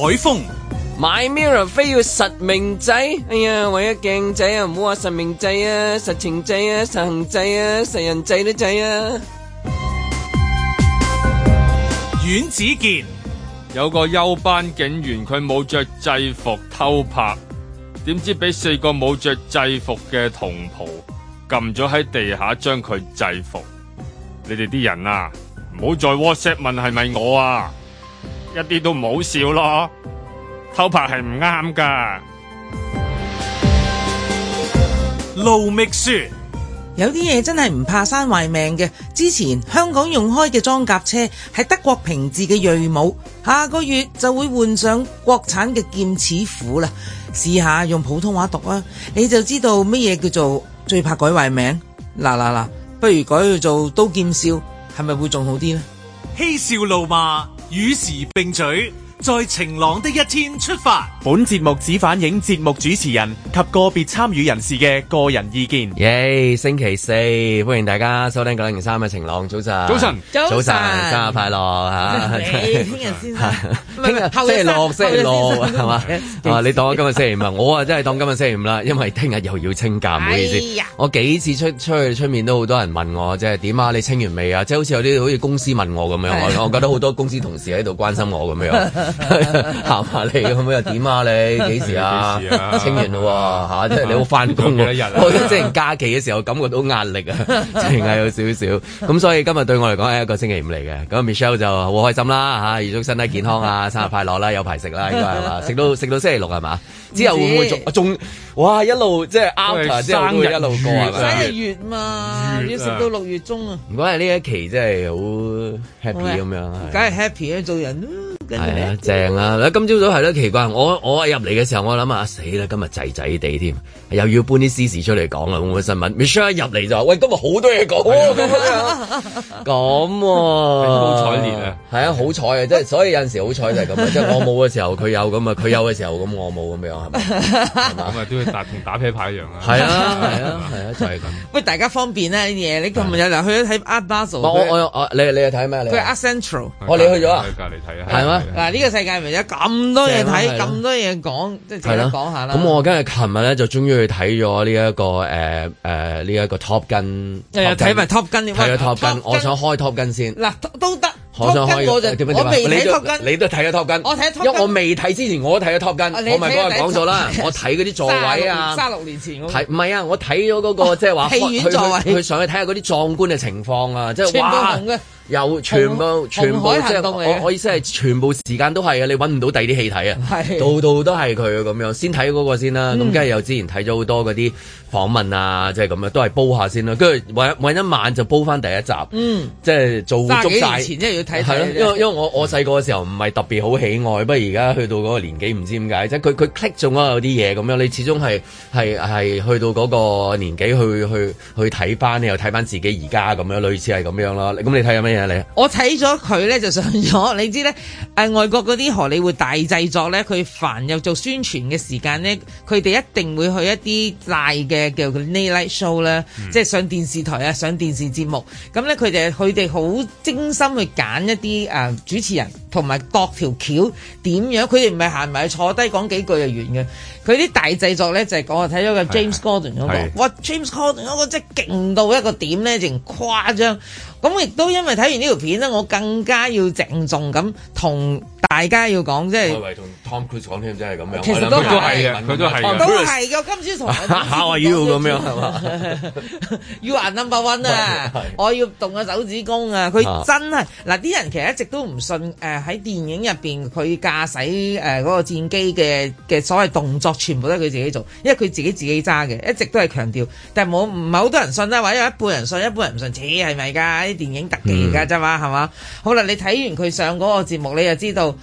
海風買 mirror 非要實名制，哎呀，為咗鏡仔啊，唔好話實名制啊，實情制啊，實行制啊，實人制都制啊。阮子健有個休班警員，佢冇着制服偷拍，點知俾四個冇着制服嘅同袍撳咗喺地下，將佢制服。你哋啲人啊，唔好再 WhatsApp 問係咪我啊！一啲都唔好笑咯，偷拍係唔啱噶。路秘書，有啲嘢真係唔怕生壞命嘅。之前香港用開嘅裝甲車係德國平治嘅銳武，下個月就會換上國產嘅劍齒虎啦。試下用普通話讀啊，你就知道乜嘢叫做最怕改壞名。嗱嗱嗱，不如改叫做刀劍笑，係咪會仲好啲呢？嬉笑怒罵。與時並舉，在晴朗的一天出發。本節目只反映節目主持人及個別參與人士嘅個人意見。耶，星期四，歡迎大家收聽《九零三嘅晴朗》，早晨，早晨，早晨，生日快樂吓！聽日先，聽日星期六，星期六係嘛？啊，你當我今日星期五，我啊真係當今日星期五啦，因為聽日又要清假，唔好意思。我幾次出出去出面都好多人問我，即係點啊？你清完未啊？即係好似有啲好似公司問我咁樣，我我覺得好多公司同事喺度關心我咁樣，行下你咁樣又點啊？啊！你幾時啊？清完嘞喎嚇，即係你好返工喎。即係假期嘅時候感覺到壓力啊，即係有少少。咁所以今日對我嚟講係一個星期五嚟嘅。咁 Michelle 就好開心啦嚇，預祝身體健康啊，生日快樂啦，有排食啦，應該係嘛？食到食到星期六係嘛？之後會唔會仲仲哇一路即係 after 即係會一路過係咪？生日月嘛，要食到六月中啊！如果係呢一期真係好 happy 咁樣，梗係 happy 啦，做人。係啊，正啦！今朝早係啦，奇怪，我我入嚟嘅時候，我諗下死啦，今日仔仔地添，又要搬啲私事出嚟講啦，咁嘅新聞。Michelle 一入嚟就話，喂，今日好多嘢講，咁啊，興高采烈啊！係啊，好彩啊！即係，所以有陣時好彩就係咁，即係我冇嘅時候佢有咁啊，佢有嘅時候咁我冇咁樣係咪？咁啊都要打平打啤牌一樣啊！係啊，係啊，係啊，就係咁。喂，大家方便呢啲嘢。你琴日去咗睇 Art Basel？我我你你又睇咩？佢係 Art Central，我哋去咗啊！隔籬睇啊，係咩？嗱，呢個世界咪有咁多嘢睇，咁多嘢講，即係值得講下啦。咁我今日琴日咧就終於去睇咗呢一個誒誒呢一個 Top 跟，睇埋 Top 跟？睇咗 Top 跟，我想開 Top 跟先。嗱，都得。我想開，我就我未睇 Top 跟，你都睇咗 Top 跟。我睇，因為我未睇之前，我都睇咗 Top 跟。我咪剛才講咗啦，我睇嗰啲座位啊，三六年前唔係啊，我睇咗嗰個即係話去去去上去睇下嗰啲壯觀嘅情況啊，即係哇。有全部全部即係我我意思係全部時間都係啊！你揾唔到第二啲戲睇啊，度度都係佢咁樣先睇嗰個先啦。咁跟住又之前睇咗好多嗰啲訪問啊，即係咁樣都係煲下先啦。跟住揾一晚就煲翻第一集，即係做足晒。廿幾年前因為我我細個嘅時候唔係特別好喜愛，不過而家去到嗰個年紀唔知點解，即係佢佢 click 中啊嗰啲嘢咁樣，你始終係係係去到嗰個年紀去去去睇翻，你又睇翻自己而家咁樣，類似係咁樣咯。咁你睇有咩？ 我睇咗佢咧就上咗，你知咧，誒外國嗰啲荷里活大製作咧，佢凡又做宣傳嘅時間咧，佢哋一定會去一啲大嘅叫做 late night show 啦，嗯、即係上電視台啊，上電視節目。咁咧佢哋佢哋好精心去揀一啲誒、呃、主持人同埋各條橋點樣，佢哋唔係行埋去坐低講幾句就完嘅。佢啲大製作咧就是、我睇咗個 James Corden 嗰是、啊那個，是啊、哇是、啊、James Corden 嗰個真係勁到一個點咧，仲誇張。咁亦都因為睇完呢條片咧，我更加要鄭重咁同大家要講，即係。Tom Cruise 講真係咁樣，其實都都係嘅，佢都係嘅，都係嘅。金豬財神，嚇！我 U 咁樣係嘛？You number one 啊！ 我要動個手指公啊！佢真係嗱，啲人其實一直都唔信誒，喺、呃、電影入邊佢駕駛誒嗰、呃那個戰機嘅嘅所謂動作，全部都係佢自己做，因為佢自己自己揸嘅，一直都係強調。但係冇唔係好多人信啦，或者有一半人信，一半人唔信，自己係咪㗎？啲電影特技㗎啫嘛，係嘛、嗯？ 好啦，你睇完佢上嗰個節目，你就知道。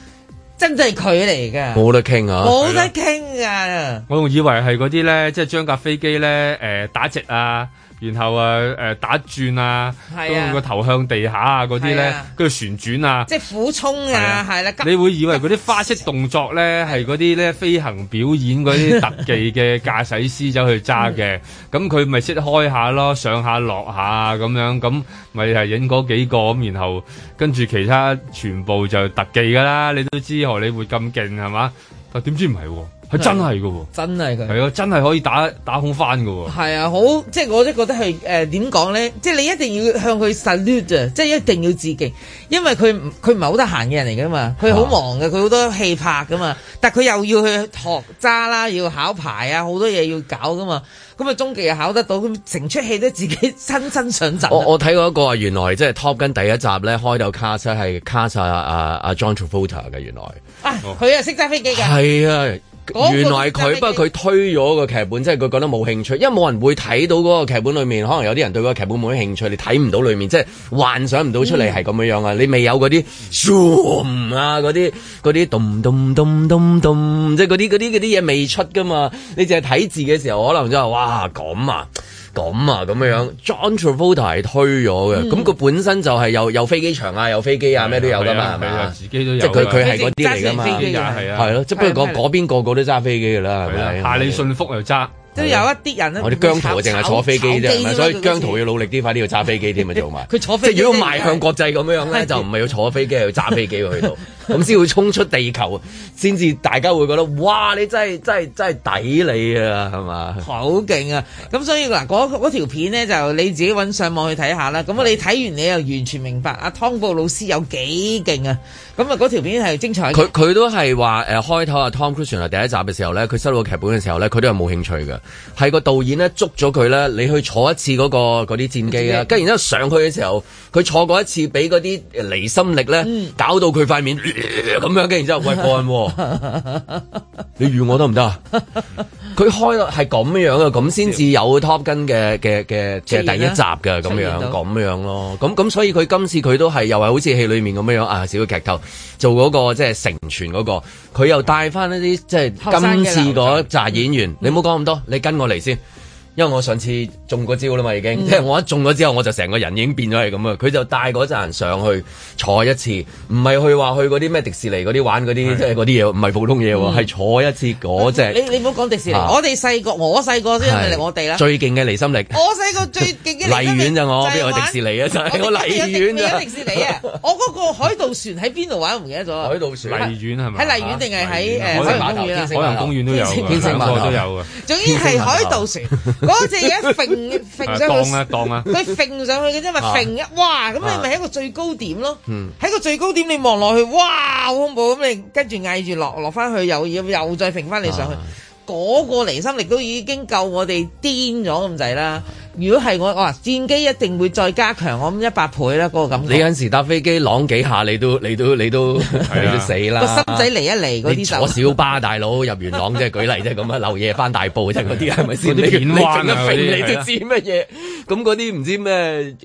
真真係佢嚟嘅？冇得傾啊，冇得傾啊！了我仲以為係嗰啲咧，即係將架飛機咧，誒、呃，打直啊！然後誒、啊、誒、呃、打轉啊，啊都，那個頭向地下啊嗰啲咧，跟住、啊、旋轉啊，即係俯衝啊，係啦。你會以為嗰啲花式動作咧係嗰啲咧飛行表演嗰啲特技嘅駕駛師走去揸嘅，咁佢咪識開下咯，上下落下咁樣，咁咪係影嗰幾個，咁然後跟住其他全部就特技噶啦，你都知何你會咁勁係嘛？但點知唔係。佢真係噶喎，真係佢係啊，真係可以打打空翻噶喎。係啊，好即係，我都覺得係誒，點講咧？即係你一定要向佢 salute 啊，即係一定要致敬，因為佢佢唔係好得閒嘅人嚟噶嘛，佢好忙嘅，佢好、啊、多戲拍噶嘛。但係佢又要去學揸啦，要考牌啊，好多嘢要搞噶嘛。咁啊，終極又考得到，咁成出戲都自己親身，身上陣！我睇過一個啊，原來即係 Top Gun 第一集咧，開到卡車係卡晒阿阿 John Travolta 嘅原來。佢啊識揸飛機嘅。係啊。原來佢，不過佢推咗個劇本，即係佢覺得冇興趣，因為冇人會睇到嗰個劇本裏面，可能有啲人對嗰個劇本冇啲興趣，你睇唔到裏面，即係幻想唔到出嚟係咁樣啊！嗯、你未有嗰啲 zoom 啊，嗰啲嗰啲咚咚咚咚咚，即係嗰啲嗰啲嗰啲嘢未出噶嘛？你淨係睇字嘅時候，可能真係哇咁啊！咁啊，咁樣樣，John Travolta 係推咗嘅。咁佢本身就係有有飛機場啊，有飛機啊，咩都有噶嘛，係咪啊？飛機都有，即係佢佢係嗰啲嚟噶嘛，係啊，係咯，即係不如嗰嗰邊個個都揸飛機㗎啦，係咪啊？你信福又揸，即係有一啲人咧，我哋姜濤淨係坐飛機啫，咪所以姜濤要努力啲，快啲要揸飛機添啊，做埋。佢坐飛，即係如果邁向國際咁樣樣咧，就唔係要坐飛機係要揸飛機去到。咁先 會衝出地球，先至大家會覺得哇！你真係真係真係抵你啊，係嘛？好勁啊！咁所以嗱，嗰條片呢，就你自己揾上網去睇下啦。咁你睇完你又完全明白阿湯、啊、布老師有幾勁啊！咁啊，嗰條片係精彩。佢佢都係話誒，開頭阿、啊、Tom Cruise 係第一集嘅時候呢，佢收到劇本嘅時候呢，佢都係冇興趣嘅。係個導演咧捉咗佢呢，你去坐一次嗰、嗰個嗰啲戰機啊。跟、嗯、住然之後上去嘅時候，佢坐過一次，俾嗰啲離心力呢，搞到佢塊面。咁樣嘅，然之後喂干， 你預我得唔得啊？佢 開落係咁樣嘅，咁先至有 Top Gun 嘅嘅嘅嘅第一集嘅，咁樣，咁樣，樣咯，咁咁所以佢今次佢都係又係好似戲裏面咁樣樣啊，小劇透做嗰、那個即係成全嗰、那個，佢又帶翻一啲即係今次嗰紮演員，你唔好講咁多，你跟我嚟先。因為我上次中個招啦嘛，已經即係我一中咗之後，我就成個人已經變咗係咁啊！佢就帶嗰陣人上去坐一次，唔係去話去嗰啲咩迪士尼嗰啲玩嗰啲，即係嗰啲嘢，唔係普通嘢喎，係坐一次嗰隻。你你唔好講迪士尼，我哋細個，我細個先嚟我哋啦。最勁嘅離心力。我細個最勁嘅離心力。荔園就我，你話迪士尼啊真係，我荔園啊，迪士尼啊，我嗰個海盜船喺邊度玩唔記得咗。海盜船。荔園係咪？喺荔園定係喺海洋公園啊？海洋公園都有啊，邊個都有啊？總之係海盜船。嗰隻嘢一揈揈上去，佢揈、啊啊啊、上去嘅啫嘛，揈一，哇！咁你咪喺個最高點咯，喺、啊、個最高點你望落去，哇！好恐怖，咁你跟住嗌住落落翻去，又要又再揈翻你上去，嗰、啊、個離心力都已經夠我哋癲咗咁滯啦。如果係我我話戰機一定會再加強，我咁一百倍啦嗰個感覺。你有陣時搭飛機啷幾下，你都你都你都係都死啦個心仔嚟一嚟嗰啲我小巴大佬入元朗即係舉例即啫咁啊，漏夜翻大埔啫嗰啲係咪先？你啲變幻啊，嗰啲知乜嘢，咁嗰啲唔知咩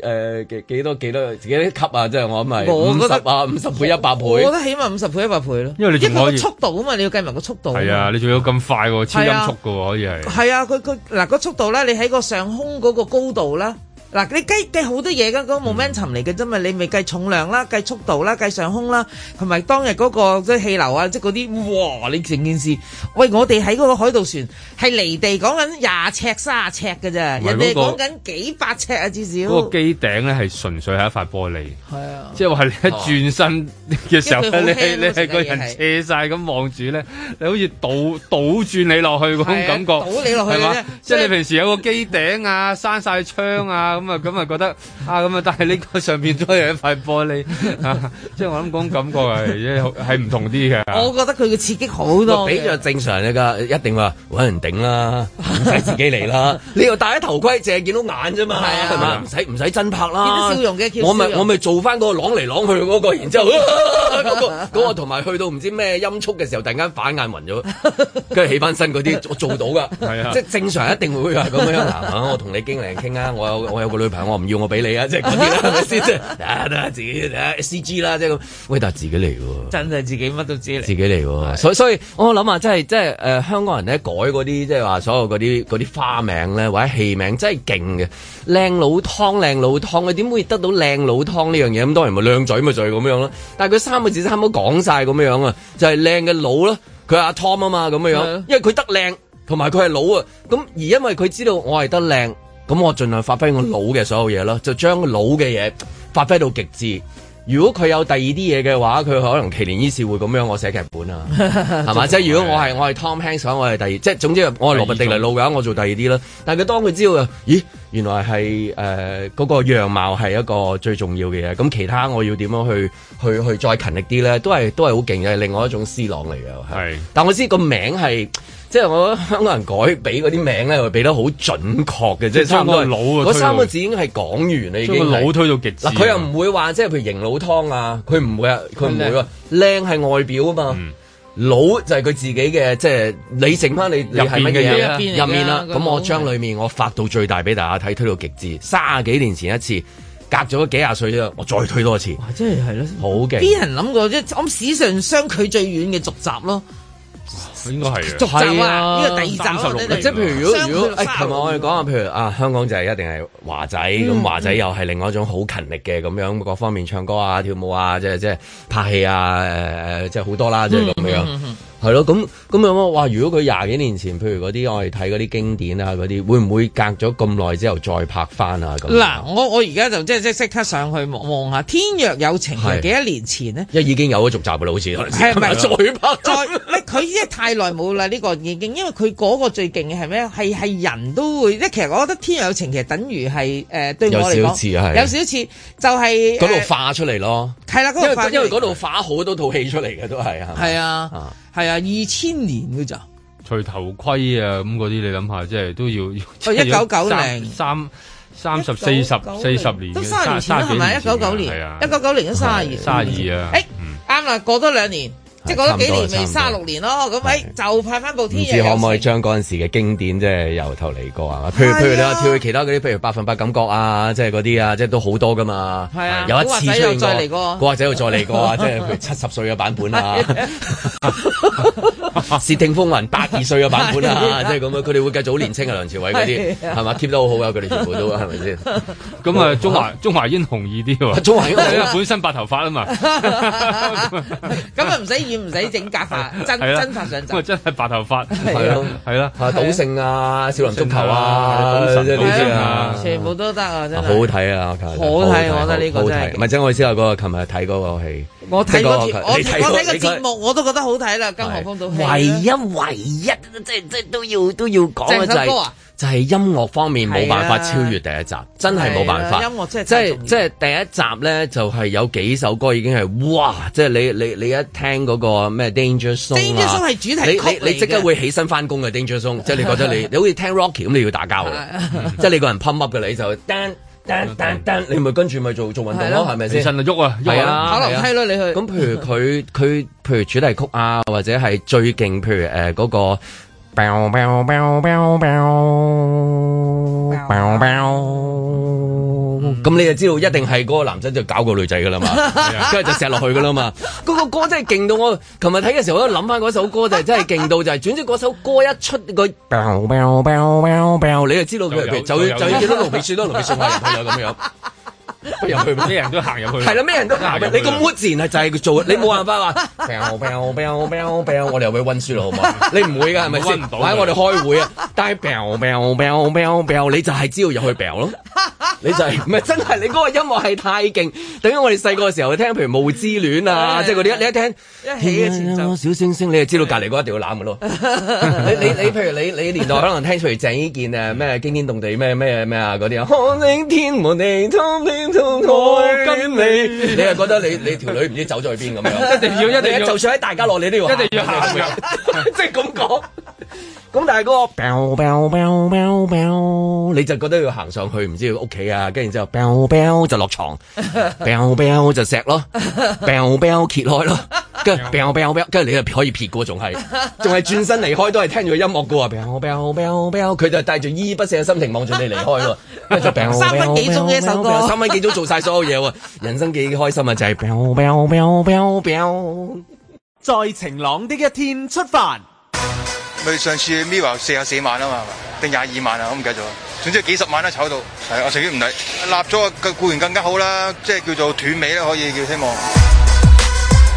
誒幾多幾多幾多級啊？即係我諗係五十啊五十倍一百倍。我覺得起碼五十倍一百倍咯，因為你一個速度啊嘛，你要計埋個速度。係啊，你仲有咁快喎，超音速嘅喎可以係。係啊，佢佢嗱個速度咧，你喺個上空嗰個。高度咧。嗱，你計計好多嘢噶，嗰個 momentum 嚟嘅啫嘛，你咪計重量啦，計速度啦，計上空啦，同埋當日嗰個即係氣流啊，即係嗰啲，哇！你成件事，喂，我哋喺嗰個海盜船係離地講緊廿尺、卅尺嘅啫，人哋講緊幾百尺啊至少。嗰個機頂咧係純粹係一塊玻璃，係啊，即係話你一轉身嘅時候你你係個人斜晒咁望住咧，你好似倒倒轉你落去嗰種感覺，倒你落去即係你平時有個機頂啊，閂晒窗啊。咁啊咁啊，覺得啊咁啊，但係呢個上面都有一塊玻璃，即、啊、係、就是、我諗講感覺係係唔同啲嘅。我覺得佢嘅刺激好多。比著正常嚟㗎，一定話揾人頂啦，唔使自己嚟啦。你又戴咗頭盔，淨係見到眼啫嘛，係嘛、 啊？唔使唔使真拍啦。啲笑容嘅，我咪我咪做翻、那個啷嚟啷去嗰、那個，然之後嗰個嗰個，同、那、埋、個、去到唔知咩音速嘅時候，突然間反眼暈咗，跟住起翻身嗰啲，我做到㗎，係啊，即係正常一定會㗎，咁樣我同你經理傾啊，我有我有。我有我有個女朋友我唔要，我俾你啊！即係嗰啲啦，咪先？啊，都自己啊，C G 啦，即係咁。喂，但自己嚟喎，真係自己乜都知，自己嚟喎。所以，所以我諗下，真係即係誒，香港人咧改嗰啲即係話所有嗰啲啲花名咧或者戲名，真係勁嘅。靚佬湯，靚佬湯，佢點會得到靚佬湯呢樣嘢？咁當然咪靚嘴咪就係咁樣咯。但係佢三個字差唔多講晒咁樣樣啊，就係靚嘅佬咯。佢阿湯啊嘛咁樣樣，因為佢得靚，同埋佢係佬啊。咁而因為佢知道我係得靚。咁我盡量發揮我腦嘅所有嘢咯，就將腦嘅嘢發揮到極致。如果佢有第二啲嘢嘅話，佢可能奇年伊始會咁樣，我寫劇本啊，係嘛 吧？即係如果我係我係 Tom Hanks，我係第二，即係總之我係羅伯迪尼路嘅話，我做第二啲啦。但係佢當佢知道，咦，原來係誒嗰個樣貌係一個最重要嘅嘢。咁其他我要點樣去去去再勤力啲咧？都係都係好勁嘅，另外一種思朗嚟嘅。係，是但我知個名係。即係我覺得香港人改俾嗰啲名咧，會俾得好準確嘅，即係三個腦嗰三個字已經係講完，啦，已經。將推到極致。佢又唔會話，即係譬如營老湯啊，佢唔會啊，佢唔會啊，靚係外表啊嘛，老就係佢自己嘅，即係你剩翻你係乜嘢入面啦，咁我將裡面我發到最大俾大家睇，推到極致。卅幾年前一次，隔咗幾廿歲我再推多一次。即真係係咯，好嘅。啲人諗過即我史上相距最遠嘅續集咯？應該係續集啊！呢個、啊啊、第二集、啊、十六即係譬如如果如果同埋、哎、我哋講啊，譬如啊，香港就係一定係華仔咁，華、嗯、仔又係另外一種好勤力嘅咁樣，各方面、嗯、唱歌啊、跳舞啊，即係即係拍戲啊，誒即係好多啦，即係咁樣。嗯嗯嗯嗯嗯係咯，咁咁啊！哇，如果佢廿幾年前，譬如嗰啲我哋睇嗰啲經典啊，嗰啲會唔會隔咗咁耐之後再拍翻啊？咁嗱，我我而家就即即即刻上去望下《天若有情》係幾多年前咧？因為已經有咗續集噶啦，好似係咪再拍？再，佢即太耐冇啦。呢個已經因為佢嗰個最勁嘅係咩？係係人都會即其實，我覺得《天若有情》其實等於係誒對我嚟講有少少似有少少似就係嗰度化出嚟咯。係啦，因因為嗰度化好多套戲出嚟嘅都係啊，係啊。係啊，二千年嘅咋，除頭盔啊咁嗰啲，你諗下，即係都要。哦，一九九零三三,三,三十一九九零,四十四十,一九九零,四十年，都卅年前係、啊、咪？一九九零，一九九零都卅二。卅、啊、二啊！誒，啱啦，過多兩年。即係講咗幾年，咪三十六年咯。咁誒，就派翻部天。唔知可唔可以將嗰陣時嘅經典，即係由頭嚟過啊？譬如譬如你話跳去其他嗰啲，譬如《百分百感覺》啊，即係嗰啲啊，即係都好多噶嘛。係啊，有一次再嚟過。古惑仔又再嚟過啊！即係譬如七十歲嘅版本啊，竊聽風雲八二歲嘅版本啊，即係咁啊！佢哋會繼續年輕啊，梁朝偉嗰啲係嘛？keep 得好好啊！佢哋全部都係咪先？咁啊，中華中華英雄易啲喎。中華英雄本身白頭髮啊嘛。咁啊唔使。唔使整假髮，真、啊、真髮上陣，真係白頭髮，係咯，係啦，賭聖啊，少、啊啊啊啊、林足球啊，賭神呢啲啊，全部都得啊，真係，好睇啊，好睇、啊 okay，我覺得呢個好睇，唔係真，下我意思話嗰個，琴日睇嗰個戲。我睇個節，我睇個節目，我都覺得好睇啦。音樂放到唯一唯一，即係即係都要都要講嘅就係，音樂方面冇辦法超越第一集，真係冇辦法。音樂真係即係即係第一集咧，就係有幾首歌已經係哇！即係你你你一聽嗰個咩 Danger Song 係主題曲嚟嘅。你你即刻會起身翻工嘅 Danger Song，即係你覺得你你好似聽 Rocky 咁，你要打交嘅，即係你個人趴屈嘅你就。你咪跟住咪做做運動咯，係咪先？起身喐啊，係啊！跑樓梯咯，你去。咁譬如佢佢譬如主題曲啊，或者係最勁譬如誒嗰個。咁你就知道一定係嗰個男仔就搞個女仔㗎啦嘛，跟住就錫落去㗎啦嘛。嗰個歌真係勁到我，琴日睇嘅時候我都諗翻嗰首歌就真係勁到就係，轉咗嗰首歌一出個，你就知道就就要攞鼻血咯，攞鼻血咯，係啊咁樣。入去，咩人都行入去。係啦，咩人都行你咁自然係就係佢做，你冇辦法話。我哋入去溫書咯？好唔好？你唔會噶，係咪先？唔到。喺我哋開會啊，但係你就係知道入去咯。你就係唔係真係？你嗰個音樂係太勁，等於我哋細個嘅時候聽，譬如《霧之戀》啊，即係嗰啲。你一聽，起個前奏，小星星，你就知道隔籬嗰一定要攬嘅咯。你你你，譬如你你年代可能聽，出嚟，鄭伊健啊，咩《驚天動地》咩咩咩啊嗰啲啊，天我跟同 你，你，你又覺得你你條女唔知走咗去邊咁樣 一？一定要一定要，就算喺大家樂，你都要一定要，即係咁講。咁大哥，喵你就覺得要行上去，唔知要屋企啊，跟住之後，就落床，就錫咯，揭開咯，跟住你又可以撇過，仲係仲係轉身離開，都係聽住音樂噶喎，佢就帶住依依不捨嘅心情望住你離開咯，跟住喵喵。三分幾鐘嘅一首歌，三分幾鐘做晒所有嘢喎，人生幾開心啊，就係喵在晴朗的一天出發。咪上次 Mirror 四十四萬啊嘛，定廿二萬啊，我唔記得咗。總之幾十萬啦，炒到。係啊，我永遠唔理。立咗個固然更加好啦，即係叫做斷尾啦，可以叫希望。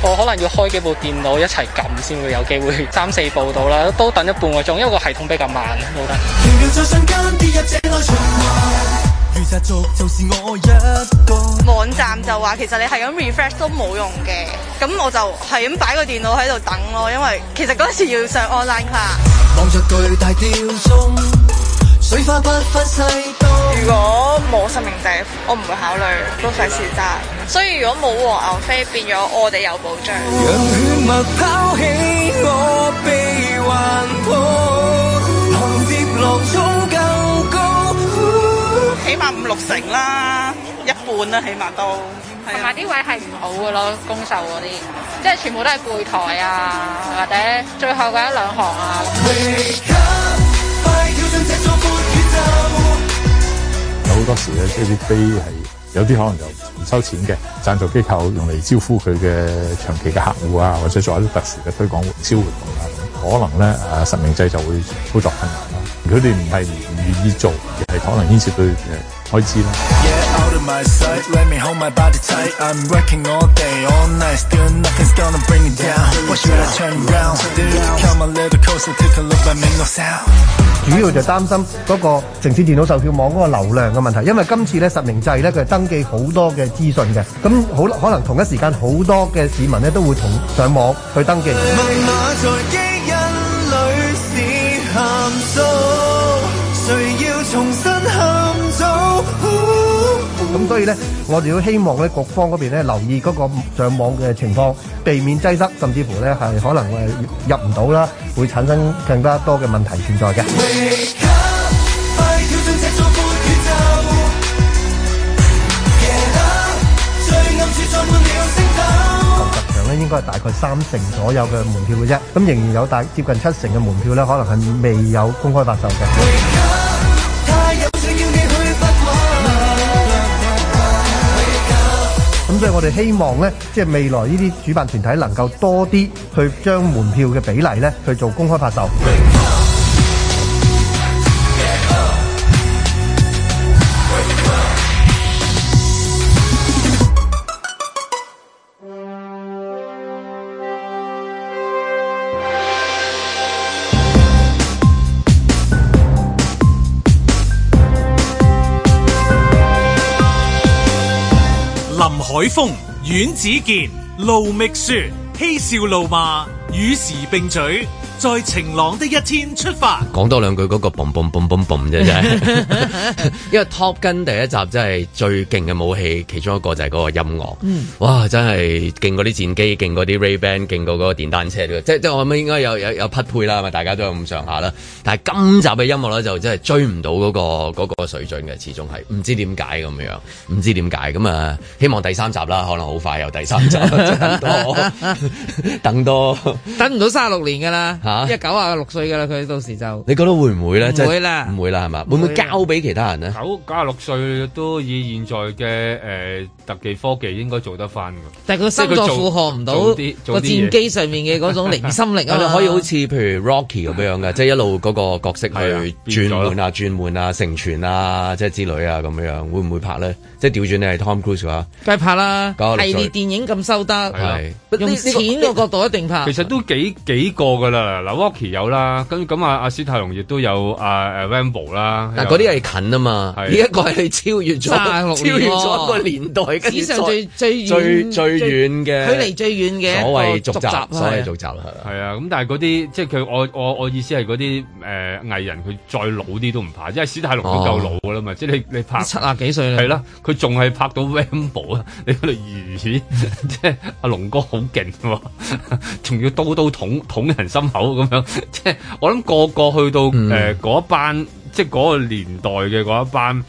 我可能要開幾部電腦一齊撳先會有機會，三四部到啦，都等咗半個鐘，因為個系統比較慢冇得。綠色族，就是我一個網站就話，其實你係咁 refresh 都冇用嘅。咁我就係咁擺個電腦喺度等囉，因為其實嗰時要上 online 六成啦，一半啦、啊，起碼都。同埋啲位係唔好嘅咯，公售嗰啲，即係全部都係背台啊，或者最後嗰一兩行啊。好多時咧，有啲飛係，有啲可能就唔收錢嘅，贊助機構用嚟招呼佢嘅長期嘅客戶啊，或者做一啲特殊嘅推廣銷活動啊，可能咧啊實名制就會操作困難啦。佢哋唔係唔願意做，而係可能牽涉到誒。開始啦！主要就擔心嗰個城市電腦售票網嗰個流量嘅問題，因為今次實名制咧，佢係登記好多嘅資訊嘅，咁好可能同一時間好多嘅市民都會同上網去登記。咁所以咧，我哋都希望咧，各方嗰邊咧留意嗰個上網嘅情況，避免擠塞，甚至乎咧係可能係入唔到啦，會產生更加多嘅問題存在嘅。同集場咧，應該係大概三成左右嘅門票嘅啫，咁仍然有大接近七成嘅門票咧，可能係未有公開發售嘅。咁即係我哋希望咧，即係未來呢啲主辦團體能夠多啲去將門票嘅比例咧去做公開發售。海峰、阮子健、盧覓雪、嬉笑怒罵與時並舉。在晴朗的一天出發，講多兩句嗰、那個 boom boom boom boom b 啫， 因為 Top Gun 第一集真係最勁嘅武器，其中一個就係嗰個音樂。嗯，哇，真係勁過啲戰機，勁過啲 Ray Ban，勁過嗰個電單車都，即即我諗應該有有有，有匹配啦，咪大家都有咁上下啦。但係今集嘅音樂咧就真係追唔到嗰、那個、那個水準嘅，始終係唔知點解咁樣，唔知點解咁啊！希望第三集啦，可能好快有第三集， 等多 等多 等，等唔到卅六年噶啦。嚇，一九啊六歲嘅啦，佢到時就你覺得會唔會咧？唔會啦，唔會啦，係嘛？會唔會交俾其他人咧？九九啊六歲都以現在嘅誒特技科技應該做得翻㗎。但係佢心臟負荷唔到個戰機上面嘅嗰種離心力啊，可以好似譬如 Rocky 咁樣嘅，即係一路嗰個角色去轉換啊、轉換啊、成全啊，即係之類啊咁樣，會唔會拍咧？即係調轉你係 Tom Cruise 喎？梗係拍啦，系列電影咁收得，係，用錢嘅角度一定拍。其實都幾幾個㗎啦。嗱，w o o k i e 有啦，跟咁阿阿史泰龍亦都有，阿、啊、阿、啊、Rambo 啦，嗱，嗰啲係近啊嘛，呢一、啊、個係超越咗，喔、超越咗個年代，史上最最遠最最遠嘅，佢離最遠嘅所謂續集，所謂續集啦，係啊，咁、啊、但係嗰啲，即係佢，我我我意思係嗰啲誒藝人，佢再老啲都唔怕，因為史泰龍都夠老噶啦嘛，哦、即係你你拍七歲啊幾歲咧？係啦，佢仲係拍到 Rambo 啊，你嗰度如此，即係阿龍哥好勁、哦，仲要刀刀捅捅人心口。咁樣，即係我諗個個去到誒嗰一班，即係嗰個年代嘅嗰一班，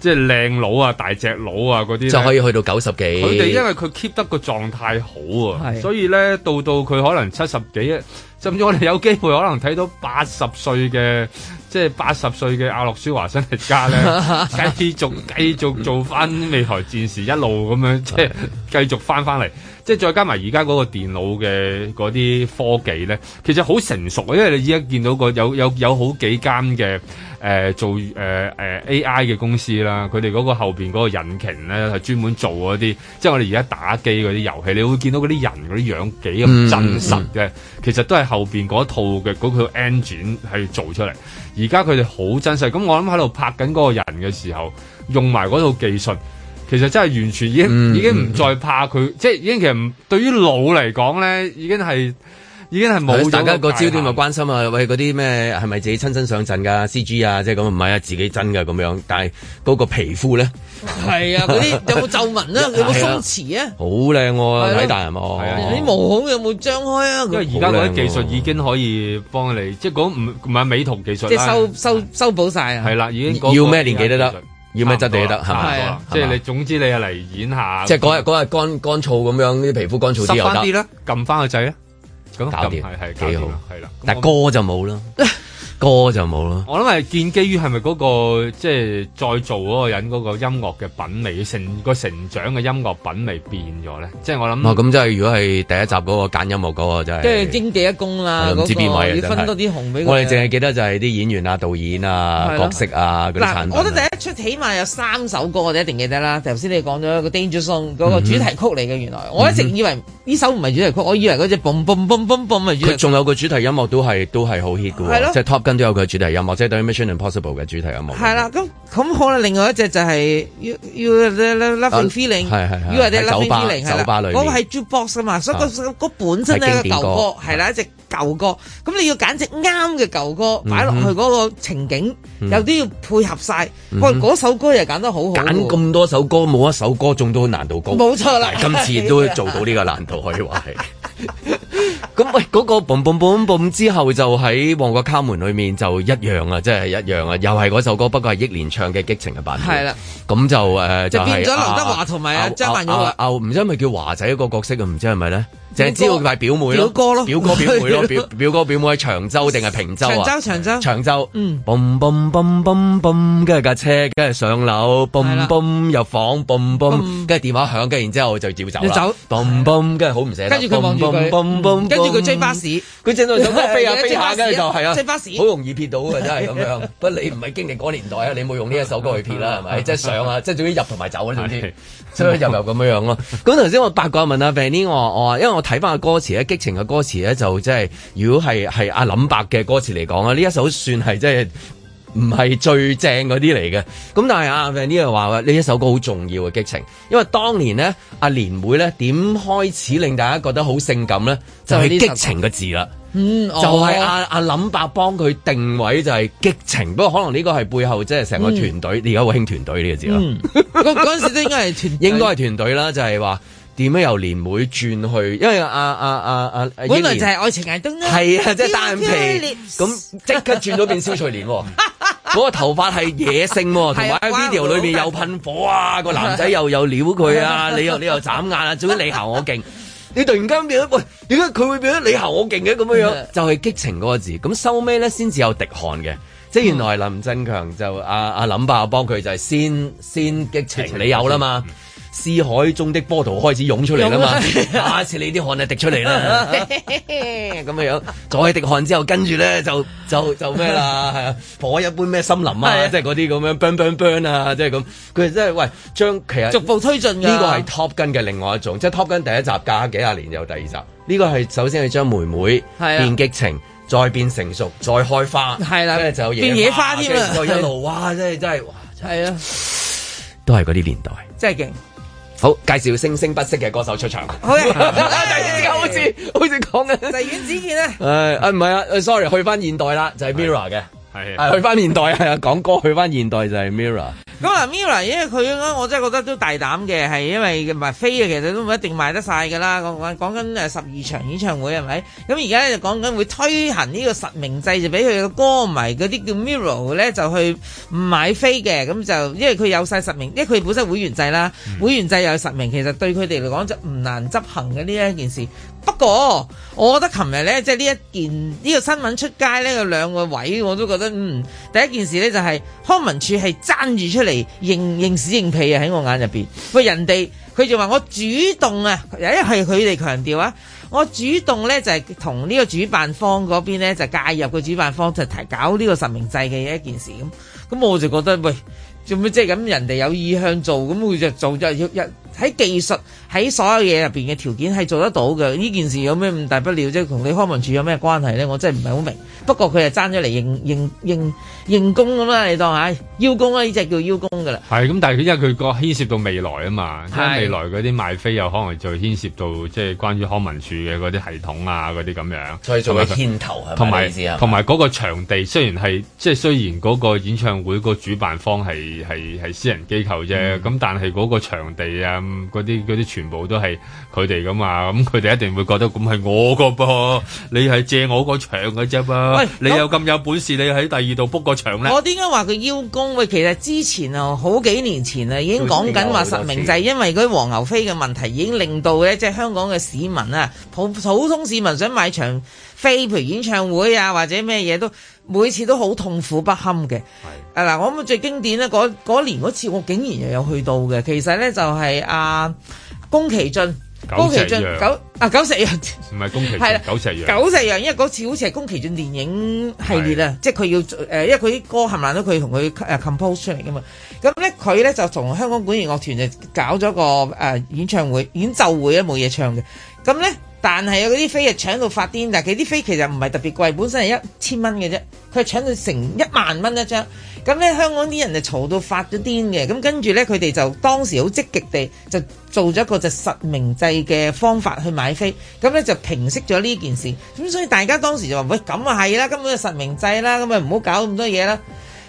即係靚佬啊、大隻佬啊嗰啲，就可以去到九十幾。佢哋因為佢 keep 得個狀態好啊，所以咧到到佢可能七十幾啊，甚至我哋有機會可能睇到八十歲嘅，即係八十歲嘅阿諾舒華辛力加咧，繼續繼續做翻未來戰士，一路咁樣，即係繼續翻翻嚟。即係再加埋而家嗰個電腦嘅嗰啲科技咧，其實好成熟啊！因為你而家見到個有有有好幾間嘅誒做誒誒、呃呃、AI 嘅公司啦，佢哋嗰個後邊嗰個引擎咧係專門做嗰啲，即係我哋而家打機嗰啲遊戲，你會見到嗰啲人嗰啲樣幾咁真實嘅，嗯嗯、其實都係後邊嗰套嘅嗰、嗰個 engine 係做出嚟。而家佢哋好真實，咁我諗喺度拍緊嗰個人嘅時候，用埋嗰套技術。其實真係完全已經已經唔再怕佢，即係已經其實對於老嚟講咧，已經係已經係冇大家個焦點嘅關心啊，喂嗰啲咩係咪自己親身上陣噶 C G 啊，即係咁唔係啊，自己真噶咁樣，但係嗰個皮膚咧，係啊，嗰啲有冇皺紋啊，有冇鬆弛啊，好靚喎，睇大人喎，啲毛孔有冇張開啊？因為而家嗰啲技術已經可以幫你，即係講唔唔係美圖技術，即係修修修補晒啊，係啦，已經要咩年紀都得。要咩質地都得係咪？即係你總之你係嚟演下。即係嗰日日乾乾燥咁樣，啲皮膚乾燥啲又得。濕啲咧，撳翻個掣咧，咁搞掂係係幾好，係啦。但係歌就冇啦。 歌就冇咯，我諗係建基於係咪嗰個即係再做嗰個人嗰個音樂嘅品味，成個成長嘅音樂品味變咗咧？即係我諗，咁即係如果係第一集嗰個揀音樂嗰個就係，即係經紀一公啦，唔知邊位啊？真係，我哋淨係記得就係啲演員啊、導演啊、角色啊嗰啲。嗱，我覺得第一出起碼有三首歌我哋一定記得啦。頭先你講咗個 Danger Song 嗰個主題曲嚟嘅，原來我一直以為呢首唔係主題曲，我以為嗰隻 boom boom boom boom boom 佢仲有個主題音樂都係都係好 hit 嘅，係都有佢主題音樂，即係對於《Mission Impossible》嘅主題音樂。係啦，咁咁可能另外一隻就係《Love Feeling》，因為啲《Love Feeling》係酒吧個喺 Jukebox 啊嘛，所以嗰本身咧個舊歌係啦，一隻舊歌，咁你要揀隻啱嘅舊歌擺落去嗰個情景，有啲要配合晒。喂，嗰首歌又揀得好好。揀咁多首歌，冇一首歌仲都難度高。冇錯啦，今次亦都做到呢個難度，可以話係。咁喂，嗰、 那個 boom boom boom boom 之後就喺旺角卡門裏面就一樣啊，即、就、係、是、一樣啊，又係嗰首歌，不過係憶蓮唱嘅激情嘅版本，係啦是的，咁就誒，就變咗劉德華同埋阿張曼玉，唔、啊啊啊啊啊、知係咪叫華仔一個角色啊？唔知係咪咧？淨係知道佢係表妹咯，表哥表妹咯，表哥表妹喺長洲定係平洲啊？長洲？長洲？長洲，嗯，嘣嘣嘣嘣嘣，跟住架車，跟住上樓，嘣嘣入房，嘣嘣，跟住電話響，跟住然之後就要走啦。你走，嘣嘣，跟住好唔捨得。跟住佢望住佢，嘣嘣，跟住佢追巴士，佢正到想飛下飛下，跟住就係追巴士，好容易撇到啊！真係咁樣。不過你唔係經歷嗰年代啊，你冇用呢一首歌去撇啦，係咪？即係上啊，即係總之入同埋走啊，你知，所以入又咁樣樣咯。咁頭先我八卦問阿平呢，我我因為我。睇翻個歌詞咧，激情嘅歌詞咧就即、就、係、是，如果係係阿林伯嘅歌詞嚟講啊，呢一首算係即係唔係最正嗰啲嚟嘅。咁但係阿、啊、v a n 呢 i 又話呢一首歌好重要嘅激情，因為當年呢，阿蓮妹咧點開始令大家覺得好性感呢？就係、是、激情嘅字啦。就係阿、哦、阿林伯幫佢定位就係激情。不過可能呢個係背後即係成個團隊，而家會興團隊呢個字咯。嗰嗰陣時應該係團 應該係團隊啦，就係話。點樣由年會轉去？因為阿阿阿阿，本來就係愛情岩東啦，係啊，即係單皮咁，即、嗯、刻轉咗變燒翠蓮、啊。嗰 個頭髮係野性、啊，同埋喺 video 裏面又噴火啊！個、啊、男仔又、啊、 又撩佢啊！你又你又眨眼啊！總之你行我勁， 你突然間變咗喂，點解佢會變咗你行我勁嘅咁樣樣？ 就係激情嗰個字。咁收尾咧？先至有滴汗嘅，即係原來林振強就阿、啊、阿、啊、林爸幫佢就係先先，先激情，你有啦嘛。嗯屍海中的波濤開始湧出嚟啦嘛，下次你啲汗啊滴出嚟啦，咁嘅樣，再滴汗之後，跟住咧就就就咩啦，係啊，火一般咩森林啊，即係嗰啲咁樣 burn 啊，即係咁，佢真係喂，將其實逐步推進嘅，呢個係 top 跟嘅另外一種，即係 top 跟第一集隔幾廿年有第二集，呢個係首先係將妹妹變激情，再變成熟，再開花，係啦，變野花添啊，一路哇，真係真係，係啊，都係嗰啲年代，真係勁。好介紹聲聲不息嘅歌手出場。好， 突然間好似 好似講嘅就係阮子健啦。誒誒唔係啊，啊，sorry，去翻現代啦，就係 Mirror 嘅係係去翻現代係啊，講歌去翻現代就係 Mirror。咁啊，Mirror，因為佢咧，我真係覺得都大膽嘅，係因為唔係飛啊，其實都唔一定賣得晒㗎啦。講緊講緊誒十二場演唱會係咪？咁而家咧就講緊會推行呢個實名制，就俾佢嘅歌迷啲叫 Mirror 咧，就去唔買飛嘅。咁、嗯、就因為佢有晒實名，因為佢本身會員制啦，會員制有實名，其實對佢哋嚟講就唔難執行嘅呢一件事。不過我覺得琴日咧，即係呢一件呢、呢個新聞出街咧，有兩個位我都覺得，嗯，第一件事咧就係、是、康文署係爭住出嚟。認認屎認屁啊！喺我眼入邊，喂，人哋佢就話我主動啊，有一係佢哋強調啊，我主動咧就係同呢個主辦方嗰邊咧就介入個主辦方就提搞呢個實名制嘅一件事咁，咁我就覺得喂。做咩即係咁？人哋有意向做，咁佢就做就要要喺技術，喺所有嘢入邊嘅條件係做得到嘅。呢件事有咩咁大不了即係同你康文署有咩關係咧？我真係唔係好明。不過佢係爭咗嚟認認認認,認功咁啦，你當嚇邀、哎、功啦，呢隻叫邀功噶啦。係咁，但係因為佢個牽涉到未來啊嘛，是未來嗰啲賣飛又可能就牽涉到即係關於康文署嘅嗰啲系統啊，嗰啲咁樣，所以牽頭係同埋同埋嗰個場地雖然係即係雖然嗰個演唱會個主辦方係。係係私人機構啫，咁、嗯、但係嗰個場地啊，嗰啲嗰啲全部都係佢哋噶嘛，咁佢哋一定會覺得咁係我個噃，你係借我個場嘅啫噃。喂，你有咁有本事，你喺第二度 book 個場咧？我點解話佢邀功？喂，其實之前啊，好幾年前啊，已經講緊話實名制，因為嗰啲黃牛飛嘅問題，已經令到咧，即係香港嘅市民啊，普普通市民想買場飛陪演唱會啊，或者咩嘢都。每次都好痛苦不堪嘅。係是的 啊嗱，我諗最經典咧嗰年嗰次，我竟然又有去到嘅。其實咧就係阿宮崎駿、宮崎駿九啊久石讓，唔係宮崎，係啦久石讓。久石讓，因為嗰次好似係宮崎駿電影系列啊，是的 即係佢要誒、呃，因為佢啲歌冚 𠾴 唥都佢同佢誒 compose 出嚟噶嘛。咁咧佢咧就同香港管弦樂團就搞咗個誒演唱會、演奏會啊，冇嘢唱嘅。咁呢，但係有啲飛啊，搶到發癲。但係佢啲飛其實唔係特別貴，本身係一千蚊嘅啫。佢搶到成一萬蚊一張。咁呢，香港啲人就嘈到發咗癲嘅。咁跟住呢，佢哋就當時好積極地就做咗一個就實名制嘅方法去買飛。咁呢，就平息咗呢件事。咁所以大家當時就話：喂，咁啊係啦，根本就實名制啦，咁啊唔好搞咁多嘢啦。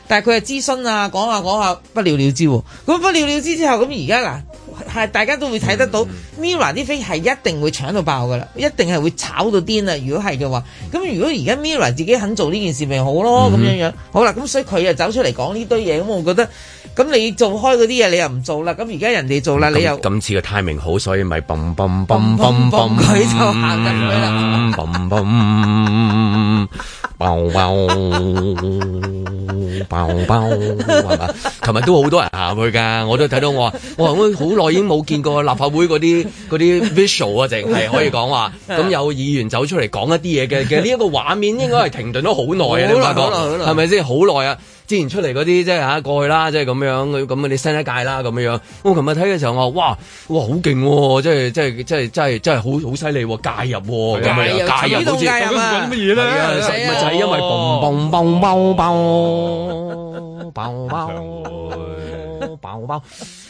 但係佢啊諮詢啊講下講下，不了了，了之喎。咁不了了之之後，咁而家嗱。係，大家都會睇得到 Mira 啲飛係一定會搶到爆噶啦，一定係會炒到癲啦。如果係嘅話，咁如果而家 Mira 自己肯做呢件事，咪好咯咁樣、嗯、哼樣。好啦，咁所以佢又走出嚟講呢堆嘢，咁我覺得，咁你做開嗰啲嘢，你又唔做啦，咁而家人哋做啦，嗯、你又今次嘅 timing 好，所以咪嘣嘣嘣嘣嘣，佢就嚇緊佢啦。爆爆係嘛？琴日都好多人行去噶，我都睇到我話，我好耐已經冇見過立法會嗰啲嗰啲 visual 啊，淨係可以講話，咁 有議員走出嚟講一啲嘢嘅嘅呢一個畫面應該，應該係停頓咗好耐啊，係咪先？好耐啊！之前出嚟嗰啲即係吓過去啦，即係咁樣，咁你 send 一屆啦咁樣。我琴日睇嘅時候我話哇哇好勁，即係即係即係即係即係好好犀利介入咁樣介入好似唔緊要啦，就係、是、因為 boom b 爆爆 m b o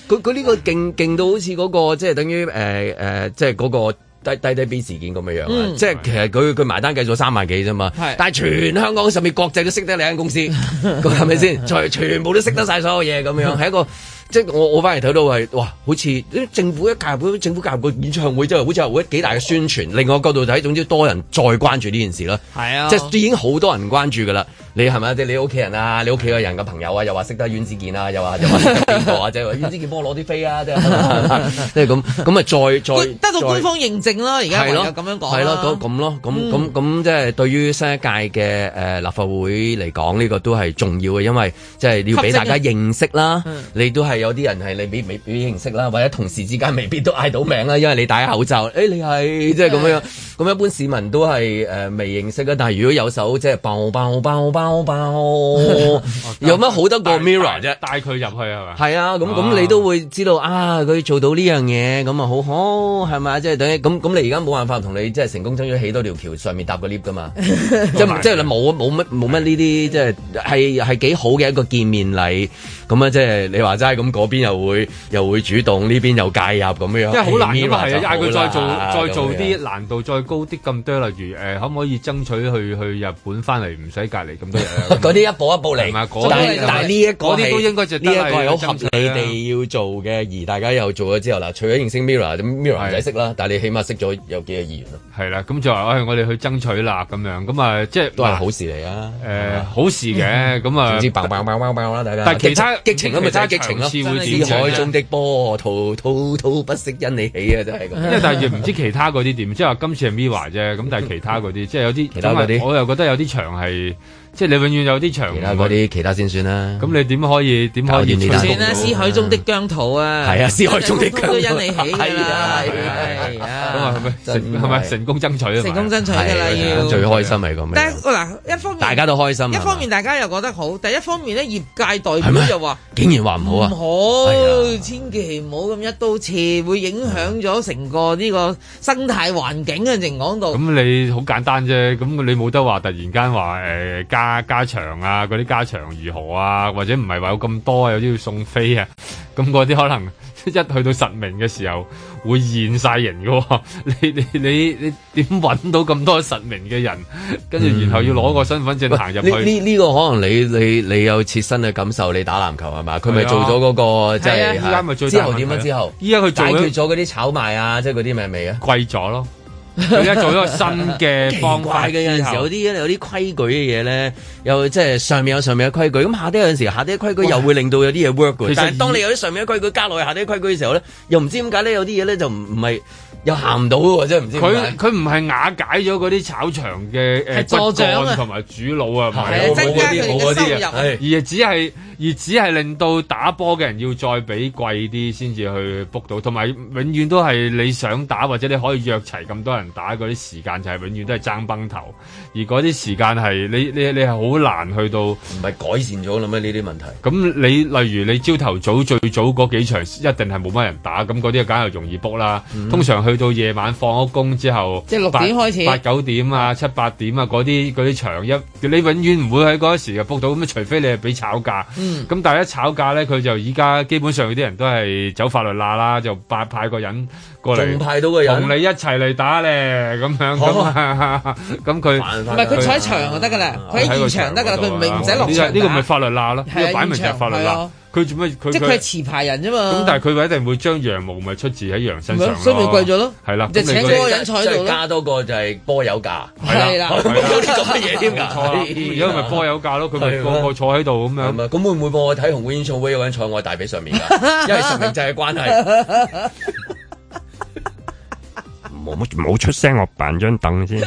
佢佢呢個勁勁到好似嗰個即係等於誒誒即係嗰個。低低低邊事件咁嘅樣、嗯、即係其實佢佢埋單計咗三萬幾啫嘛，是但係全香港甚至國際都識得你間公司，係咪先？全全部都識得晒所有嘢咁樣，係 一個即係我我返嚟睇到係，哇，好似政府一介入政府介入個演唱會之後，好似有幾大嘅宣傳。另外角度睇，總之多人再關注呢件事啦。係啊，即係已經好多人關注㗎啦。你係咪即係你屋企人啊？你屋企個人嘅朋友啊？又話識得阮子健啊？又話又話識邊個啊？即係阮子健幫我攞啲飛啊！即係即係咁咁啊！再再得到官方認證啦。而家唯有咁樣講。係咯，咁咁咯，咁咁咁即係對於新一屆嘅誒立法會嚟講，呢個都係重要嘅，因為即係你要俾大家認識啦。你都係有啲人係你未俾俾認識啦，或者同事之間未必都嗌到名啦，因為你戴口罩。誒，你係即係咁樣。咁一般市民都係誒未認識啊，但係如果有手即係爆爆爆爆爆， 哦、有乜好得過 mirror 啫？帶佢入去係咪？係啊，咁咁、哦、你都會知道啊，佢做到呢樣嘢咁啊好，好，係咪？即係等於咁咁，你而家冇辦法同你即係成功爭咗起多條橋上面搭個 lift 㗎嘛？ 即即係你冇冇乜冇乜呢啲即係係係幾好嘅一個見面禮。咁啊，即係你話齋，咁嗰邊又會又會主動，呢邊又介入咁樣。因為好難噶嘛，係啊，嗌佢再做再做啲難度再高啲咁多，例如誒，可唔可以爭取去去日本翻嚟，唔使隔離咁多人，嗰啲一步一步嚟。係嘛，嗰啲但係但呢一個嚟，嗰啲都應該就得係你哋要做嘅，而大家又做咗之後嗱，除咗認識 Mirror，咁 Mirror 唔使識啦，但係你起碼識咗有幾個議員咯。係啦，咁就話，我哋去爭取啦，咁樣咁啊，即係都係好事嚟啊。誒，好事嘅，咁啊，大家。但係其他。激情啊！咪真係激情咯！四海中的波濤滔滔不息，因你起啊！真係咁。 因為但係，又唔知其他嗰啲點，即係話今次係 Miva 啫。咁但係其他嗰啲，即係 有啲其他啲，我又覺得有啲場係。即係你永遠有啲長，其他嗰啲其他先算啦。咁你點可以點可以，先啦，思海中的疆土啊！係啊，思海中的疆土都因你起啦。咁係咪成係咪成功爭取啊？成功爭取㗎啦，要最開心係咁。但嗱，一方面大家都開心，一方面大家又覺得好。第一方面咧，業界代表就話：竟然話唔好啊！唔好，千祈唔好咁一刀切，會影響咗成個呢個生態環境啊！成講到咁你好簡單啫，咁你冇得話突然間話誒加加場啊，嗰啲加場如何啊？或者唔係話有咁多，有啲要送飛啊？咁嗰啲可能一去到實名嘅時候，會現晒形噶、哦。你你你你點揾到咁多實名嘅人？跟住然後要攞個身份證行入去。呢呢、嗯這個可能你你你有切身嘅感受。你打籃球係嘛？佢咪做咗嗰、那個即係之後點啊？之後依家佢解決咗嗰啲炒賣啊，即係嗰啲咪未啊？貴咗咯。而家做咗個新嘅方法嘅，有陣時有啲有啲規矩嘅嘢咧，又即係上面有上面嘅規矩，咁下底有陣時下底嘅規矩又會令到有啲嘢 work 其實，但係當你有啲上面嘅規矩加落去下底嘅規矩嘅時候咧，又唔知點解咧，有啲嘢咧就唔唔係。又行唔到喎，真係唔知點解。佢佢唔係瓦解咗嗰啲炒場嘅誒，作同埋主腦啊，唔係的的增加佢哋嘅收入，啊，而只係而只係令到打波嘅人要再俾貴啲先至去 book 到，同埋永遠都係你想打或者你可以約齊咁多人打嗰啲時間就係永遠都係爭崩頭。而嗰啲時間係你你你係好難去到。唔係改善咗啦咩？呢啲問題。咁你例如你朝頭早最早嗰幾場一定係冇乜人打，咁嗰啲梗係容易 book 啦。嗯、通常去。到夜晚放咗工之後，即係六點開始，八九點啊、七八點啊嗰啲嗰啲場一，你永遠唔會喺嗰時就 book 到，咁除非你係俾炒價，咁但係一炒價咧，佢就依家基本上啲人都係走法律罅啦，就派派個人過嚟，派到個人，同你一齊嚟打咧，咁樣，咁佢唔係佢坐喺場就得噶啦，佢喺現場得噶啦，佢明唔使落場。呢個唔係法律罅咯，呢個擺明就係法律罅。佢做咩？佢即係持牌人啫嘛。咁但係佢一定會將羊毛咪出自喺羊身上。所以咪貴咗咯。係啦，即係請多個人坐喺度加多個就係波友價。係啦，冇啲咁乜嘢添㗎。而家咪波友價咯。佢咪個個坐喺度咁樣。咁會唔會幫我睇紅館演唱會有個人坐喺我大髀上面㗎？因為實名制嘅關係。冇出聲，我扮張凳先。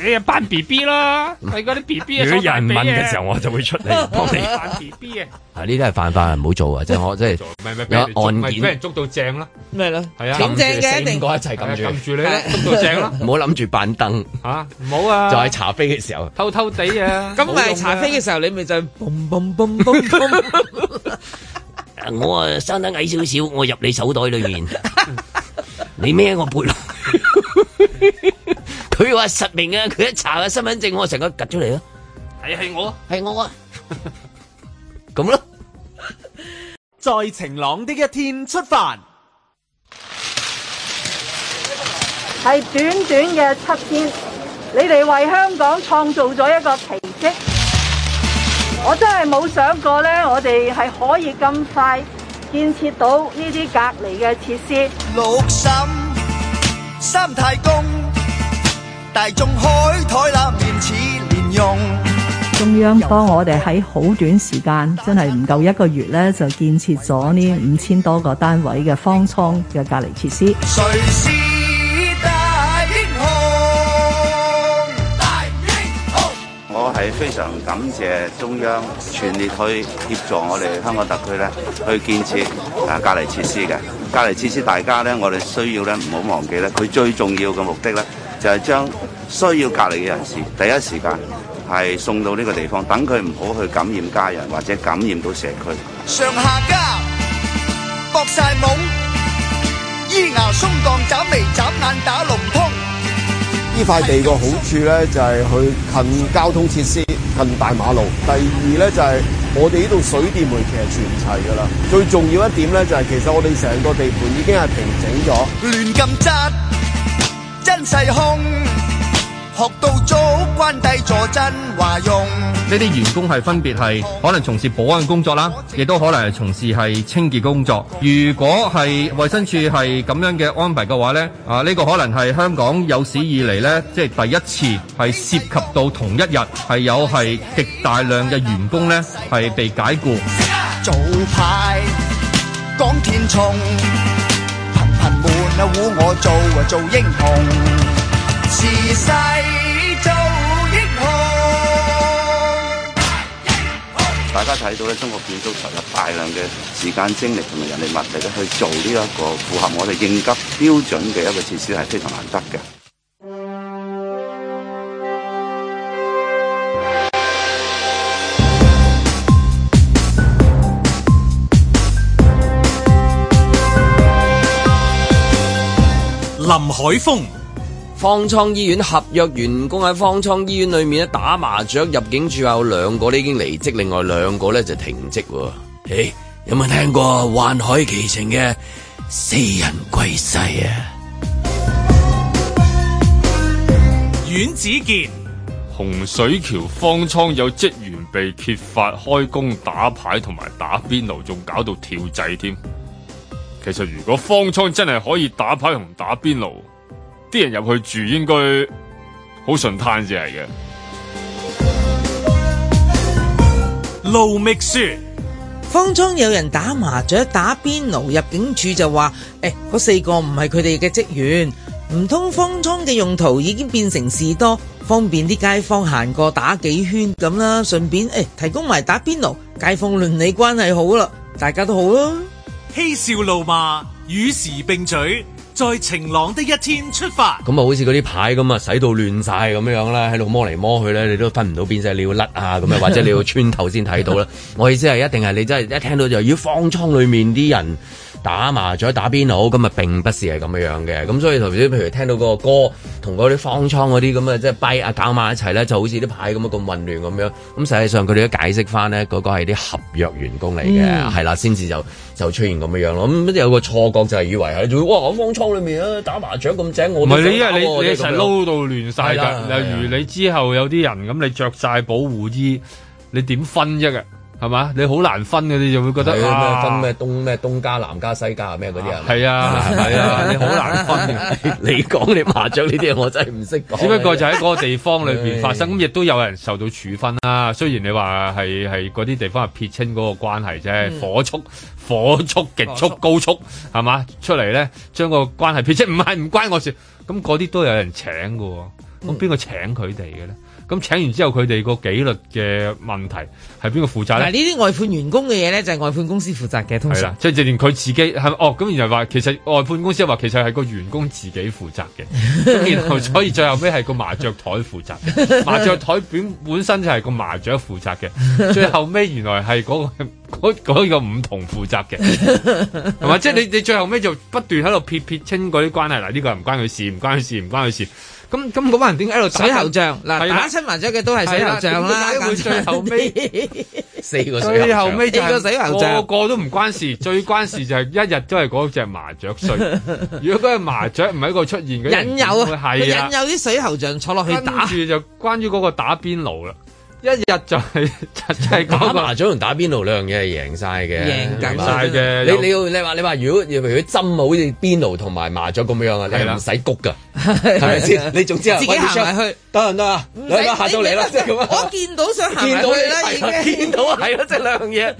你啊扮 B B 啦，係嗰啲 B B 啊。如果有人問嘅時候，我就會出嚟幫你扮 B B 啊。呢啲係犯法，唔好做啊！即係我即係，唔係唔係，俾人捉到正啦。咩咧？係啊，正嘅，一定講一齊撳住你啦，捉到正啦。唔好諗住扮凳啊！唔好啊，就喺茶飛嘅時候，偷偷地啊。咁但係茶飛嘅時候，你咪就係嘣嘣嘣嘣嘣。我啊生得矮少少，我入你手袋裏面，你孭我背。佢話 實名啊！佢一查下身份證，我成個趌出嚟咯。係啊，係我，係我啊！咁 咯吧，在晴朗的一天出發，係短短嘅七天，你哋為香港創造咗一個奇蹟。我真係冇想過咧，我哋係可以咁快建設到呢啲隔離嘅設施。六三。三太公，大台面似用。中央幫我哋喺好短時間，真係唔夠一個月咧，就建設咗呢五千多個單位嘅方艙嘅隔離設施。非常感謝中央全力去協助我哋香港特區咧，去建設啊隔離設施嘅隔離設施。大家咧，我哋需要咧，唔好忘記咧，佢最重要嘅目的咧，就係、是、將需要隔離嘅人士，第一時間係送到呢個地方，等佢唔好去感染家人或者感染到社區。上下家搏晒懵依牙鬆噹眨眉眨眼打龍。呢塊地個好處咧，就係去近交通設施，近大馬路。第二咧，就係我哋呢度水電煤其實全齊噶啦。最重要一點咧，就係其實我哋成個地盤已經係平整咗。亂咁質，真細空。學到足，關帝坐鎮華容。呢啲員工係分別係可能從事保安工作啦，亦都可能係從事係清潔工作。如果係衛生署係咁樣嘅安排嘅話咧，啊，呢個可能係香港有史以嚟咧，即係第一次係涉及到同一日係有係極大量嘅員工咧係被解僱。做派講天聰，貧貧滿啊糊我做做英雄，時勢。大家睇到咧，中國建築投入大量嘅時間、精力同埋人力物力咧，去做呢一個符合我哋應急標準嘅一個設施，係非常難得嘅。林海峰。方艙醫院合約員工喺方艙醫院裏面咧打麻雀，入境處有兩個咧已經離職，另外兩個咧就停職。Hey, 有冇聽過《幻海奇情》嘅四人歸西啊？阮子健，洪水橋方艙有職員被揭發開工打牌同埋打邊爐，仲搞到跳掣添。其實如果方艙真係可以打牌同打邊爐。啲人入去住應該好順攤至係嘅。路覓書，方艙有人打麻雀、打邊爐，入境處就話，誒、欸，嗰四個唔係佢哋嘅職員，唔通方艙嘅用途已經變成士多，方便啲街坊行過打幾圈咁啦，順便誒、欸、提供埋打邊爐，街坊鄰里關係好啦，大家都好咯。嬉笑怒罵，與時並舉。在晴朗的一天出發，咁啊，好似嗰啲牌咁啊，洗到亂晒。咁樣啦，喺度摸嚟摸去咧，你都分唔到邊隻，你要甩啊咁啊，或者你要穿頭先睇到啦。 我意思係一定係你真係一聽到就要方艙裏面啲人。打麻雀打邊爐咁啊，並不是係咁樣樣嘅，咁、嗯、所以頭先譬如聽到個歌同嗰啲方艙嗰啲咁啊，即係閉啊搞埋一齊咧，就好似啲牌咁啊咁混亂咁樣，咁實際上佢哋都解釋翻咧，嗰、那個係啲合約員工嚟嘅，係啦、嗯，先至就就出現咁樣樣咯。咁、嗯、有個錯覺就係以為係哇，喺方艙裏面啊，打麻雀咁正，我唔係你，因為你你一齊撈到亂晒㗎。例如你之後有啲人咁，你着晒保護衣，你點分啫㗎？係嘛？你好難分嘅，你就會覺得分咩東咩東家、南家、西家啊咩嗰啲啊。係啊係啊，加加加你好難分。 你講你麻雀呢啲嘢，我真係唔識講。只不過就喺嗰個地方裏邊發生，咁 亦都有人受到處分啦、啊。雖然你話係係嗰啲地方係撇清嗰個關係啫、嗯，火速，極速火速極速高速，係嘛？出嚟咧，將個關係撇清，唔係唔關我事。咁嗰啲都有人請噶，咁邊個請佢哋嘅咧？咁請完之後，佢哋個紀律嘅問題係邊個負責咧？呢啲外判員工嘅嘢咧，就係、是、外判公司負責嘅，通係啦，即係就連佢自己係哦，咁然後話其實外判公司話其實係個員工自己負責嘅，咁 然後所以最後尾係個麻雀台負責，麻雀台本本身就係個麻雀負責嘅，最後尾原來係嗰、那個、那個五同負責嘅，係嘛？ 即係你你最後尾就不斷喺度撇撇清嗰啲關係，嗱、這、呢個唔關佢事，唔關佢事，唔關佢事。咁咁嗰班人點解喺度打水喉象？嗱，打親麻雀嘅都係水喉象啦，但係最後尾四個最後尾整咗水喉象，個個都唔關事，最關事就係一日都係嗰隻麻雀衰。如果嗰隻麻雀唔係一個出現嘅引誘，係啊，引誘啲水喉象坐落去打。跟住就關於嗰個打邊爐啦。一日就係就係打麻雀同打邊爐兩樣嘢係贏晒嘅，贏緊曬嘅。你你要你話你話，如果如果針啊，好似邊爐同埋麻雀咁樣啊，係啦，唔使谷㗎，係咪先？你總之啊，自己行埋去，得啦，嚇到你啦，即係咁啦。我見到想行埋去啦，係見到係啦，即係兩樣嘢。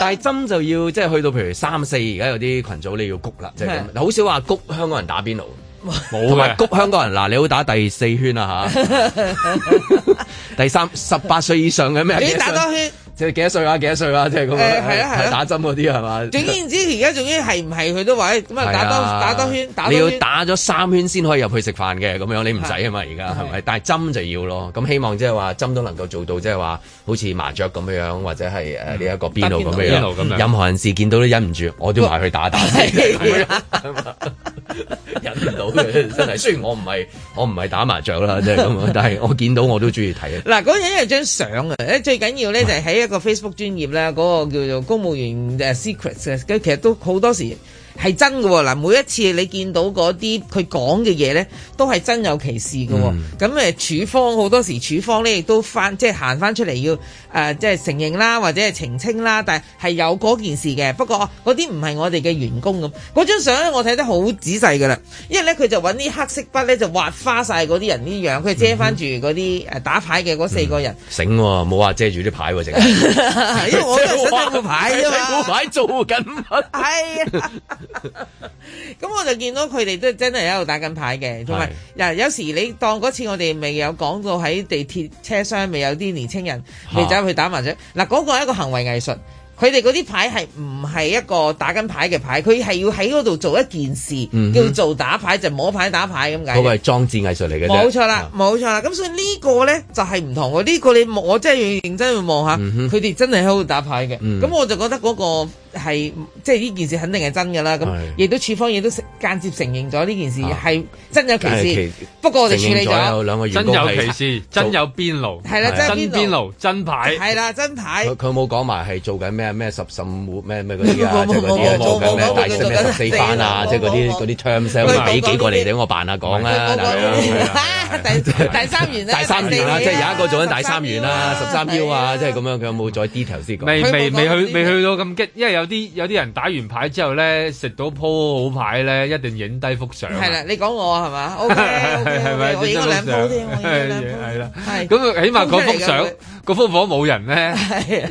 但係針就要即係去到譬如三四，而家有啲群組你要谷啦，即係好少話谷香港人打邊爐。同埋谷香港人嗱， 你好打第四圈啊吓，啊 第三，十八歲以上嘅咩？你打多圈，即係幾多歲啊？幾多歲啊？即係咁樣，係、欸、啊，係啦、啊，打針嗰啲係嘛？總言之，而家仲要係唔係？佢都話，咁啊打多打多圈，打圈你要打咗三圈先可以入去食飯嘅咁樣，你唔使啊嘛？而家係咪？但係針就要咯。咁希望即係話針都能夠做到，即係話好似麻雀咁樣樣，或者係誒呢一個邊爐咁樣。嗯哦、任何人士見到都忍唔住，我都話去打打先。 忍唔到嘅真係，雖然我唔係我唔係打麻雀啦，即係咁樣，但係我見到我都中意睇。嗱，嗰樣係張相啊，最緊要咧就喺一個 Facebook 專頁啦，嗰、嗰個叫做公務員誒 Secrets，其實都好多時。係真嘅喎，嗱，每一次你見到嗰啲佢講嘅嘢咧，都係真有其事嘅。咁誒、嗯，處方好多時，處方咧亦都翻即係行翻出嚟要誒、呃、即係承認啦，或者係澄清啦，但係係有嗰件事嘅。不過嗰啲唔係我哋嘅員工咁。嗰張相咧，我睇得好仔細㗎啦，因為咧佢就揾啲黑色筆咧就畫花晒嗰啲人呢樣，佢遮翻住嗰啲誒打牌嘅嗰四個人。醒冇話遮住啲牌喎、啊，正。 因為我係打牌啊嘛，打 牌做緊。係啊。咁 我就見到佢哋都真係喺度打緊牌嘅，同埋嗱，有時你當嗰次我哋未有講到喺地鐵車廂，未有啲年青人哈未走入去打麻雀，嗱、那、嗰個係一個行為藝術，佢哋嗰啲牌係唔係一個打緊牌嘅牌，佢係要喺嗰度做一件事，嗯、哼叫做打牌就是、摸牌打牌咁解，嗰個係裝置藝術嚟嘅。冇錯啦，冇錯、嗯、啦，咁所以個呢個咧就係、是、唔同我呢、這個你我真係要認真去望下，佢哋、嗯、哼真係喺度打牌嘅，咁、嗯、我就覺得嗰、那個。係即係呢件事肯定係真噶啦，咁亦都處方，亦都間接承認咗呢件事係真有歧視。不過我哋處理咗。真有歧視，真有邊爐。係啦，真邊爐，真牌。係啦，真牌。佢冇講埋係做緊咩咩十十五咩咩嗰啲啊，即係嗰啲做緊咩第四班啊，即係嗰啲嗰啲 t e r m sell 俾幾個嚟等我辦下講啦。第三元啦，即係有一個做緊第三元啦，十三幺啊，即係咁樣。佢有冇再 detail 先講？未未未去到咁激，因為有啲有啲人打完牌之後咧，食到鋪好牌咧，一定影低幅相。係啦，你講我係嘛？O K O K，我影多兩鋪添，我影啦。係啦，咁啊，起碼嗰幅相，嗰幅房冇人咧，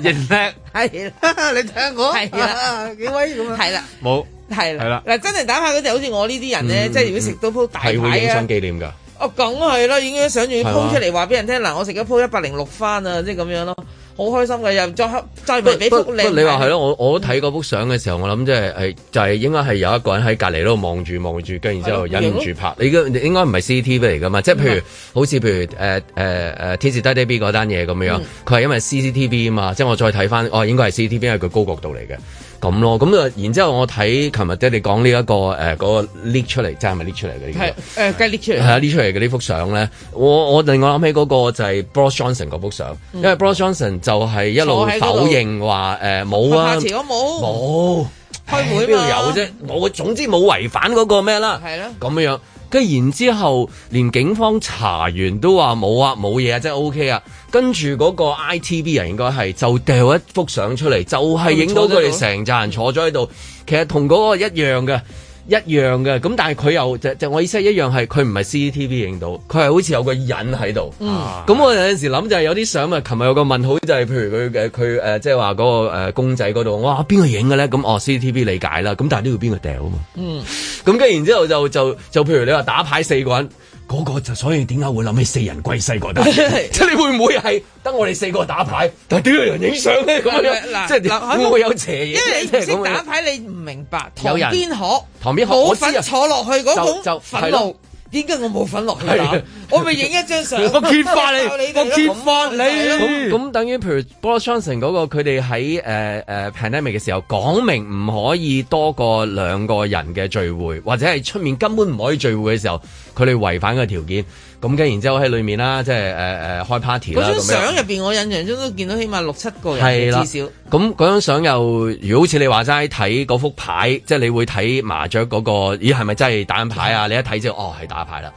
認叻。係，你睇下我。係啊，幾威咁樣？係啦，冇。係啦，嗱，真係打牌嗰啲，好似我呢啲人咧，即係如果食到鋪大牌啊，係會影相紀念噶。哦，梗係咯，影咗相仲要鋪出嚟話俾人聽。嗱，我食咗鋪一百零六番啊，即係咁樣咯。好開心嘅又再再嚟俾福你話係咯，我我都睇嗰幅相嘅時候，我諗即係係就係、是就是、應該係有一個人喺隔離度望住望住，跟住然後之後忍唔住拍。你應該唔係 CCTV 嚟噶嘛？即係譬如好似譬如誒誒誒天時低低 B 嗰單嘢咁樣，佢係因為 CCTV 啊嘛。嗯、即係我再睇翻，哦，應該係 CCTV 係佢高角度嚟嘅。咁咯，咁啊，然之後我睇琴日爹哋你講呢一個誒嗰個 leak 出嚟，真係咪 leak 出嚟嘅呢個？係誒，梗係 leak 出嚟。係啊，leak 出嚟嘅呢幅相咧，我我另外諗起嗰個就係 Boris Johnson 嗰幅相，因為 Boris Johnson 就係一路否認話誒冇啊，冇有開會嘛，邊度有啫？我總之冇違反嗰、嗰個咩啦，咁的樣。跟然之後，連警方查完都話冇啊，冇嘢啊，真係 OK 啊。跟住嗰個 ITV 人應該係就掉一幅相出嚟，就係影、就是、到佢哋成扎人坐咗喺度，其實同嗰個一樣嘅。一樣嘅，咁但係佢又就就我意思係一樣係佢唔係 CCTV 影到，佢係好似有個人喺度。咁、嗯嗯嗯、我有陣時諗就係有啲相啊，琴日有個問號就係譬如佢嘅佢誒即係話嗰個、呃、公仔嗰度，哇邊個影嘅咧？咁、嗯、哦 CCTV 理解啦，咁但係都要邊個掉啊嘛。咁跟、嗯嗯、然之後、後就就就譬如你話打牌四個人。嗰個就所以點解會諗起四人歸西嗰單嘢即係你會唔會係得我哋四個打牌，但係點解有人影相咧咁樣？喂 即係會唔會有邪嘢？因為你唔識打牌，你唔明白旁邊可旁邊可冇份無分 坐落去嗰種憤怒。風度 點解我冇份落去？ 我咪影一張相， 我揭發你， 我揭發你。咁 等於譬如 Boris Johnson 嗰個，佢哋喺誒誒 pandemic 嘅時候講明唔可以多過兩個人嘅聚會，或者係出面根本唔可以聚會嘅時候，佢哋違反個條件。咁跟然之後喺裏面啦，即係誒誒開 party 啦。嗰張相入邊，我印象中都見到起碼六七個人，的至少。咁嗰張相又，如果好似你話齋睇嗰幅牌，即係你會睇麻雀嗰、那個，咦係咪真係打緊牌啊？的你一睇就哦係打牌啦。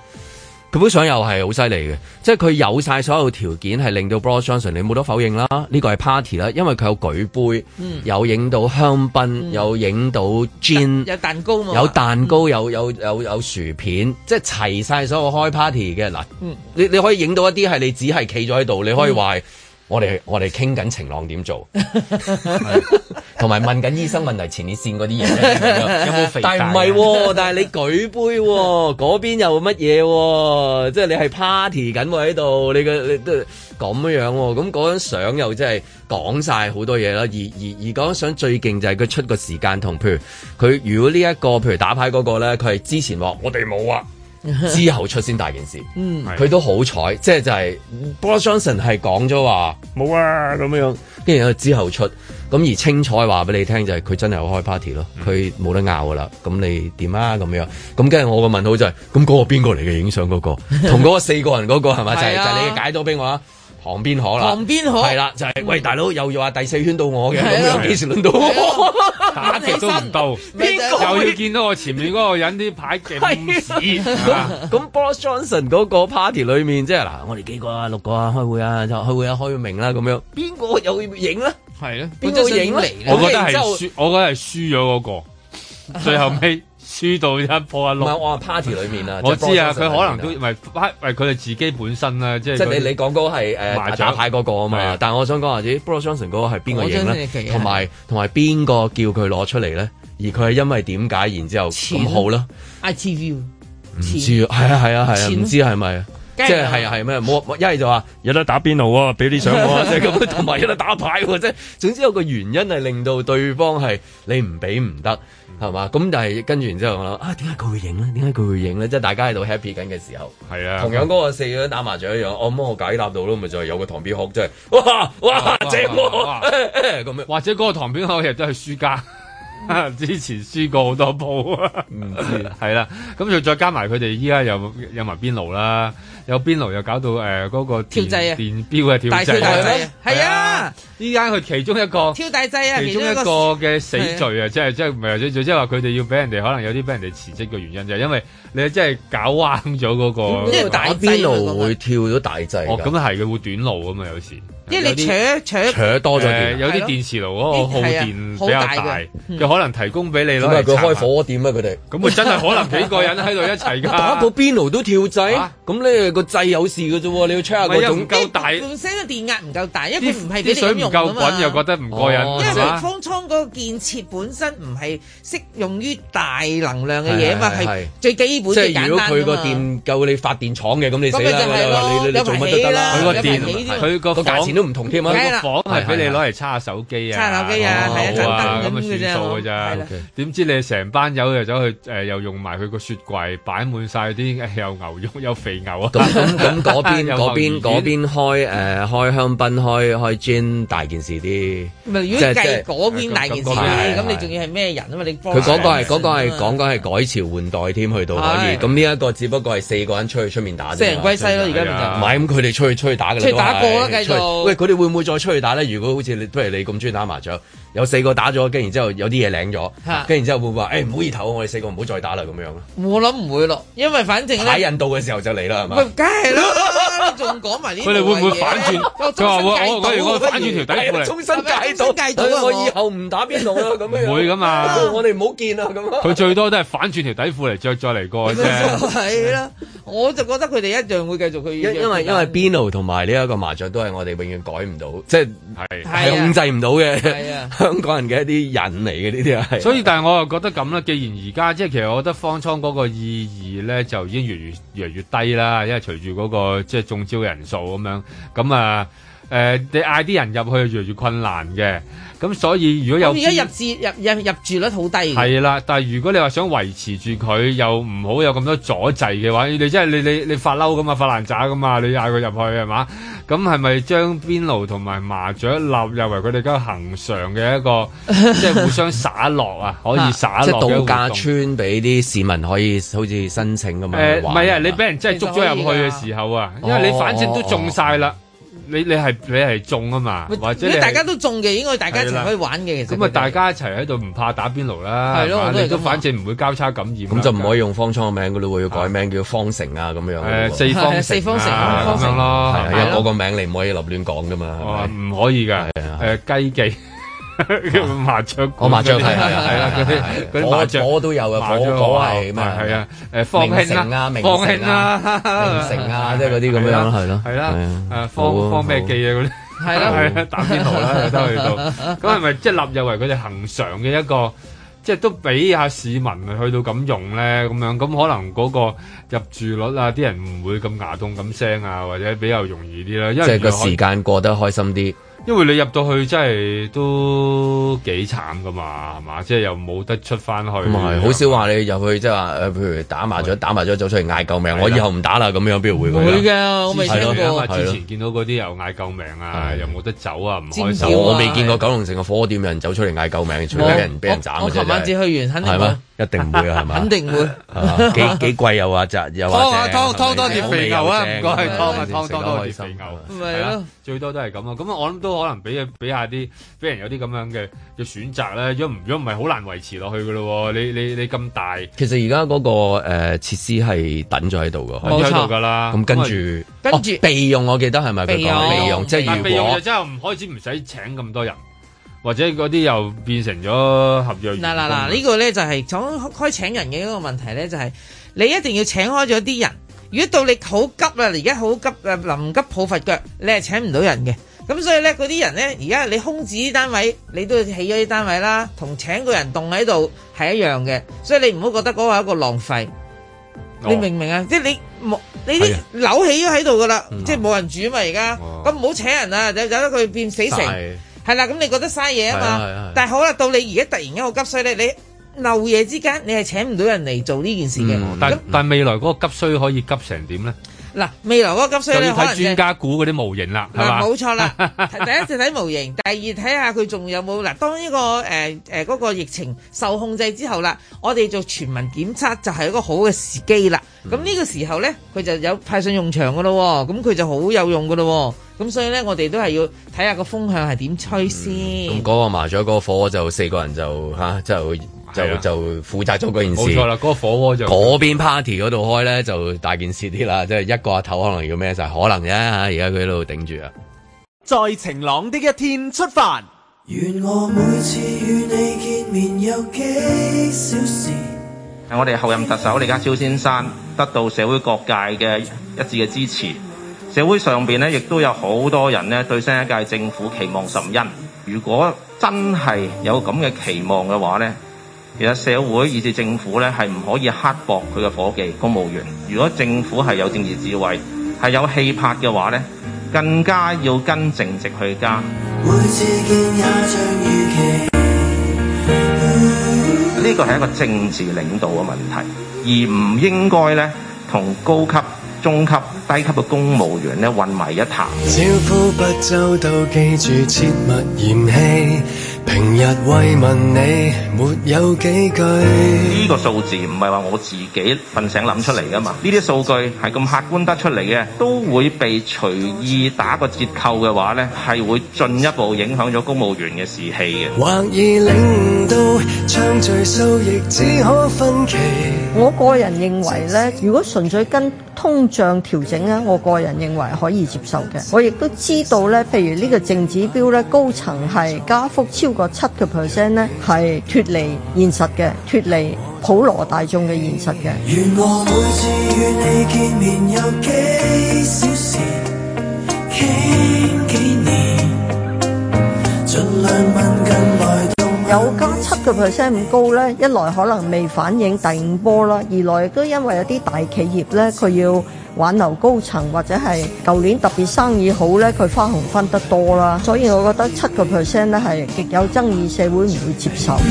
佢張相又係好犀利嘅，即係佢有晒所有條件係令到 Boris Johnson，你冇得否認啦，呢個係 party 啦，因為佢有舉杯，嗯、有影到香檳，嗯、有影到 gin，有，有，有蛋糕，有蛋糕，有有有有薯片，即係齊晒所有開 party 嘅嗱，你你可以影到一啲係你只係企咗喺度，你可以話。我哋我哋傾緊晴朗點做，同埋 問緊醫生問題前，前列腺嗰啲嘢，有冇肥大？但唔係，但係你舉杯喎，嗰邊又乜嘢？即係你係 party 緊喎喺度，你嘅你都咁樣樣喎，咁嗰張相又真係講晒好多嘢啦。而而而嗰張相最勁就係佢出個時間同，譬如佢如果呢、這、一個譬如打牌嗰個咧，佢係之前話我哋冇啊。 之後出先大件事，嗯，佢都好彩，即係就係，Boris Johnson 係講咗話，冇啊咁樣，跟住之後出，咁而清楚話俾你聽就係佢真係有開 party 咯，佢冇、嗯、得拗噶啦，咁你點啊咁樣，咁跟住我個問號就係、是，咁嗰個邊個嚟嘅影相嗰個， 同嗰個四個人嗰、那個係咪？就係、是、就是、你解咗俾我啊。 旁邊可啦，係啦、嗯，就係、是、喂，大佬又要話第四圈到我嘅，咁幾時輪到我？打極都唔到，誰誰又要見到我前面嗰個人啲牌極唔屎。咁咁，Boris Johnson 嗰個 party 裏面，即係嗱，我哋幾個啊，六個啊，開會啊，就開會、啊、開會啊，開咗明啦、啊，咁樣。邊個又會影咧？係咧，邊個影嚟？我覺得係輸，我覺得係輸咗嗰個，最後尾。輸到一破啊，碌，唔係我 party 裏面啊！我知啊，佢可能都唔係，佢哋自己本身啦，即係。即係你你講嗰係誒打牌嗰個啊嘛，但係我想講下啲 Boris Johnson 嗰個係邊個贏咧？同埋同埋邊個叫佢攞出嚟咧？而佢係因為點解然之後咁好咧？ITV 唔知啊，係啊係啊係啊，唔知係咪？即係係係咩？冇一係就話有得打邊爐啊，俾啲獎啊，就咁，同埋有得打牌即啫。總之有個原因係令到對方係你唔俾唔得。係嘛？咁但係跟住完之後，我諗啊，點解佢會贏咧？點解佢會贏咧？即係大家喺度 happy 緊嘅時候，係啊，同樣嗰個四個人打麻雀一樣，我、哦、咁、嗯、我解答到咯，咪就係有個唐邊殼，即係哇哇正，或者或者嗰個唐邊殼亦都係輸家， 之前輸過好多鋪，唔 知係啦。咁就 再加埋佢哋依家有又埋邊爐啦。有邊爐又搞到誒嗰個電掣、電錶嘅跳掣，係啊！呢間佢其中一個跳大掣啊，其中一個嘅死罪啊，即係即係唔係即係話佢哋要俾人哋可能有啲俾人哋辭職嘅原因，就係因為你真係搞歪咗嗰個。咁即係邊爐會跳咗大掣？咁啊係嘅，會短路啊嘛，有時。因為你扯一扯，扯多咗電。有啲電磁爐嗰個耗電比較大，就可能提供俾你咯。點解佢開火電啊？佢哋咁啊，真係可能幾個人喺度一齊噶，打個邊爐都跳掣，咁咧。個掣有事嘅啫，你要 check 下個。唔夠大，本身個電壓唔夠大，因為佢唔係你水唔夠滾又覺得唔過癮，因為方艙嗰個建設本身唔係適用於大能量嘅嘢啊嘛，係最基本。即係如果佢個電夠你發電廠嘅，咁你死啦，你你做乜都得啦。佢個電佢個價錢都唔同添啊！個房係俾你攞嚟叉下手機啊，插手機啊，係啊，咁嘅算數㗎咋。點知你成班友又走去誒，又用埋佢個雪櫃擺滿晒啲有牛肉有肥牛啊！咁嗰邊嗰邊邊開誒開香檳開開樽大件事啲，如果計嗰邊大件事啲，咁你仲要係咩人啊嘛？你，佢嗰個係嗰個係講緊係改朝換代添，去到可以咁呢一個只不過係四個人出去出面打，四人歸西咯而家咪就，唔係咁佢哋出去出去打嘅啦，打過啦繼續。喂，佢哋會唔會再出去打咧？如果好似你譬如你咁中意打麻雀，有四個打咗跟然之後有啲嘢領咗，跟然之後會唔會話誒，唔好意頭，我哋四個唔好再打啦咁樣咧？我諗唔會咯，因為反正喺印度嘅時候就嚟啦，係嘛？梗係啦，仲講埋呢啲。佢哋會唔會反轉？佢話會。我我如果反轉條底褲嚟，終身戒到戒到，我以後唔打邊爐啦咁樣。會㗎嘛！我哋唔好見啦咁。佢最多都係反轉條底褲嚟著，再嚟過啫。係啦，我就覺得佢哋一樣會繼續去。因因為因為邊爐同埋呢一個麻雀都係我哋永遠改唔到，即係係控制唔到嘅。係啊，香港人嘅一啲引嚟嘅呢啲係。所以但係我又覺得咁啦，既然而家即係其實我覺得方艙嗰個意義咧就已經越嚟越嚟越低啦，隨住嗰個即係中招人數咁樣，咁啊～誒、呃，你嗌啲人入去越嚟越困難嘅，咁、嗯、所以如果有而家入住入入住率好低係啦，但係如果你話想維持住佢，又唔好有咁多阻滯嘅話，你即係你你你發嬲噶嘛，發爛渣噶嘛，你嗌佢入去係嘛？咁係咪將邊爐同埋麻雀立入為佢哋家恆常嘅一個， 即係互相灑落啊？可以灑落度假、啊、村俾啲市民可以好似申請咁樣？唔係、呃、者啊，你俾人真係捉咗入去嘅時候啊，因為你反正都中晒啦。你你係你係中啊嘛，或者大家都中嘅，應該大家一齊可以玩嘅其實。咁啊，大家一齊喺度唔怕打邊爐啦，係咯，你都反正唔會交叉感染。咁就唔可以用方艙名嘅咯，要改名叫方城啊咁樣。誒，四方城，四方城啊，咁樣咯，因為我個名你唔可以立亂講噶嘛。哦，唔可以㗎，誒雞記。麻雀，我麻雀係係啦，嗰啲嗰啲麻雀，我都有嘅，我我係咁啊，係啊，誒，方興啊，方興啊，明城啊，即係嗰啲咁樣咯，係咯，係啦，誒，方咩記啊，嗰啲係啦係啦，打邊爐啦，都去到，咁係咪即係立入為佢哋恒常嘅一個，即係都俾下市民去到咁用咧？咁樣咁可能嗰個入住率啊，啲人唔會咁牙痛咁聲啊，或者比較容易啲啦，因為個時間過得開心啲。因為你入到去真係都幾慘噶嘛，係嘛，即係又冇得出翻去。唔係，好少話你入去即係話誒，譬如打麻雀，打麻雀走出嚟嗌救命，我以後唔打啦咁樣，邊會會嘅？我未聽過之前見到嗰啲又嗌救命啊，又冇得走啊，唔開心。我未見過九龍城嘅火鍋店有人走出嚟嗌救命，除非人俾人斬嘅啫。我琴晚至去完，肯定。係咪？一定唔會係嘛？肯定會幾幾貴又話，咋又話？劏下多條肥牛啊！唔該，劏下多條肥牛。唔係咯，最多都係咁啊！咁我諗都可能俾俾下啲俾人有啲咁樣嘅嘅選擇咧。如果唔如果唔係好難維持落去噶咯。你你你咁大，其實而家嗰個誒設施係等咗喺度噶，喺度噶啦。咁跟住跟住備用，我記得係咪佢講備用？即係如果但備用就真係唔開始唔使請咁多人。或者嗰啲又變成咗合約？嗱嗱嗱，呢 個咧就係、是、講開請人嘅一個問題咧，就係、是、你一定要請開咗啲人。如果到你好急啦，而家好急啊，臨急抱佛腳，你係請唔到人嘅。咁所以咧，嗰啲人咧，而家你空置啲單位，你都起咗啲單位啦，同請個人棟喺度係一樣嘅。所以你唔好覺得嗰個係一個浪費，哦、你明唔明啊？即係你冇你啲樓起咗喺度噶啦，嗯、哼即係冇人住啊嘛，而家咁唔好請人啊，就等佢變死城。係啦，咁你覺得嘥嘢啊嘛？是的是的但係好啦，到你而家突然間好急需咧，你漏嘢之間，你係請唔到人嚟做呢件事嘅。但、嗯嗯、那但未來嗰個急需可以急成點咧？嗱，未來嗰個急需咧，要睇、就是、專家估嗰啲模型啦，係嘛？冇錯啦，第一次睇模型， 第二睇下佢仲有冇嗱。當呢、這個誒誒、呃呃那個疫情受控制之後啦，我哋做全民檢測就係一個好嘅時機啦。咁呢個時候咧，佢就有派上用場噶咯，咁佢就好有用噶咯。咁所以咧，我哋都係要睇下個風向係點吹、嗯、先。咁嗰、嗯那個麻雀嗰、那個火鍋就四個人就吓、啊，就就就負責咗嗰件事。啦，嗰、那個火鍋就嗰邊 party 嗰度開咧，就大件事啲啦。即、就、係、是、一個阿頭可能要咩晒，可能啫。而家佢喺度頂住啊。在晴朗的一天出發。願我每次與你見面有幾小時。係 我哋候任特首李家超先生，得到社會各界嘅一致嘅支持。社會上邊咧，亦都有好多人咧對新一屆政府期望甚殷。如果真係有咁嘅期望嘅話呢，其實社會以至政府咧係唔可以刻薄佢嘅伙計、公務員。如果政府係有政治智慧、係有氣魄嘅話呢，更加要跟正直去加。呢、嗯、個係一個政治領導嘅問題，而唔應該呢同高級中級、低級嘅公務員咧，混埋一談，招呼不周，記住切勿嫌棄。平日慰問你沒有幾句呢、嗯，呢個數字唔係話我自己瞓醒諗出嚟噶嘛？呢啲數據係咁客觀得出嚟嘅，都會被隨意打個折扣嘅話咧，係會進一步影響咗公務員嘅士氣嘅。或以領到暢聚收益，只可分期。我個人認為咧，如果純粹跟通脹調整咧，我個人認為可以接受嘅。我亦都知道咧，譬如個呢個淨指標咧，高層係加幅超。個七個 percent 咧，係脱離現實嘅，脱離普羅大眾嘅現實嘅。來每次與你見面有加七個 percent 咁高咧，一來可能未反映第五波啦，二來亦都因為有啲大企業咧，佢要。挽留高層，或者係舊年特別生意好呢，佢花紅分得多啦，所以我覺得七個 percent 咧係極有爭議，社會唔會接受。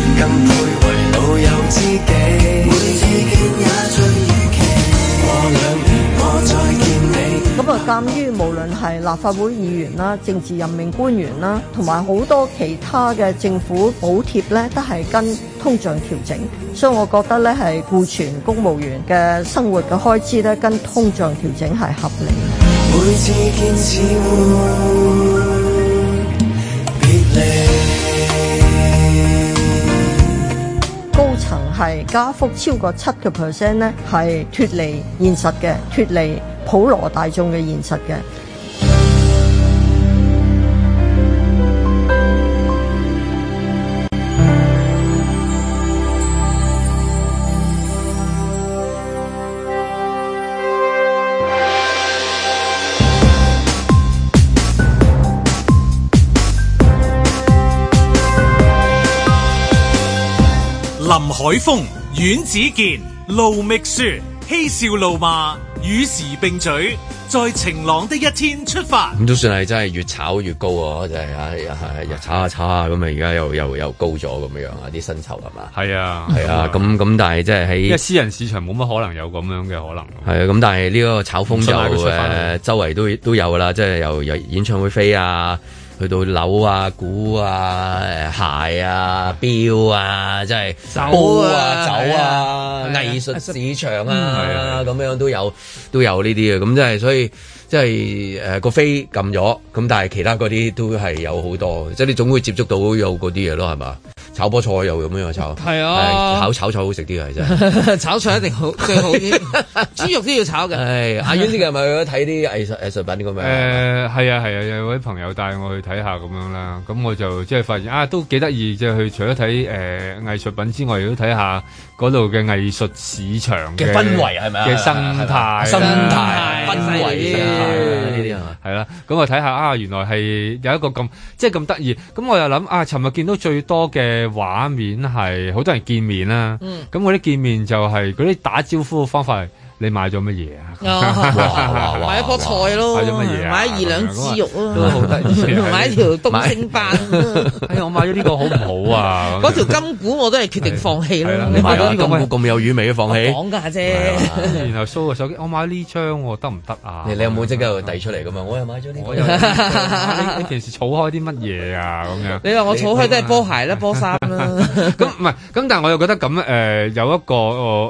咁啊，鑒於無論係立法會議員啦、政治任命官員啦，同埋好多其他嘅政府補貼咧，都係跟通脹調整，所以我覺得咧係顧全公務員嘅生活嘅開支咧，跟通脹調整係合理。每次見此會別離，高層係加幅超過七個 percent 咧，係脫離現實嘅，脫離。普羅大眾嘅現實嘅。林海峰、阮子健、盧覓雪、嬉笑怒罵。與時並舉，在晴朗的一天出發。咁都算係真係越炒越高啊！真係啊，又炒下炒下咁啊，而家又又又高咗咁樣啊！啲薪酬係嘛？係啊，係啊，咁咁但係即係喺，因為私人市場冇乜可能有咁樣嘅可能。係啊，咁但係呢個炒風就誒，周圍都周圍都有啦，即係又有演唱會飛啊！去到樓啊、股啊、鞋啊、表啊，即係鋪啊、酒啊、藝術市場啊，咁、啊啊、樣都有、啊啊啊、都有呢啲嘅，咁即係所以即係誒個飛撳咗，咁但係其他嗰啲都係有好多，即係你總會接觸到有嗰啲嘢咯，係嘛？炒波菜又咁樣炒，係啊，炒炒菜好食啲啊，其實炒菜一定好最好啲，豬肉都要炒嘅。係阿遠啲係咪去睇啲藝術藝術品啲咁樣？誒係啊係啊，有位朋友帶我去睇下咁樣啦，咁我就即係發現啊，都幾得意。即係佢除咗睇誒藝術品之外，亦都睇下嗰度嘅藝術市場嘅氛圍係咪嘅生態生態氛圍呢啲係啦。咁我睇下啊，原來係有一個咁即係咁得意。咁我又諗啊，尋日見到最多嘅。嘅畫面係好多人見面啦、啊，嗯，咁嗰啲見面就係嗰啲打招呼嘅方法。你買咗乜嘢啊？買一樖菜咯，買咗乜嘢啊？買二兩豬肉咯，好得意，買一條東星斑，我買咗呢個好唔好啊？嗰條金股我都係決定放棄咯。唔係呢個金股咁有魚味啊，放棄講價啫。然後 show 個手機，我買呢張我得唔得啊？你有冇即刻遞出嚟咁啊？我又買咗呢個。你平時儲開啲乜嘢啊？咁樣你話我儲開都係波鞋啦、波衫啦。咁唔係，咁但係我又覺得咁誒有一個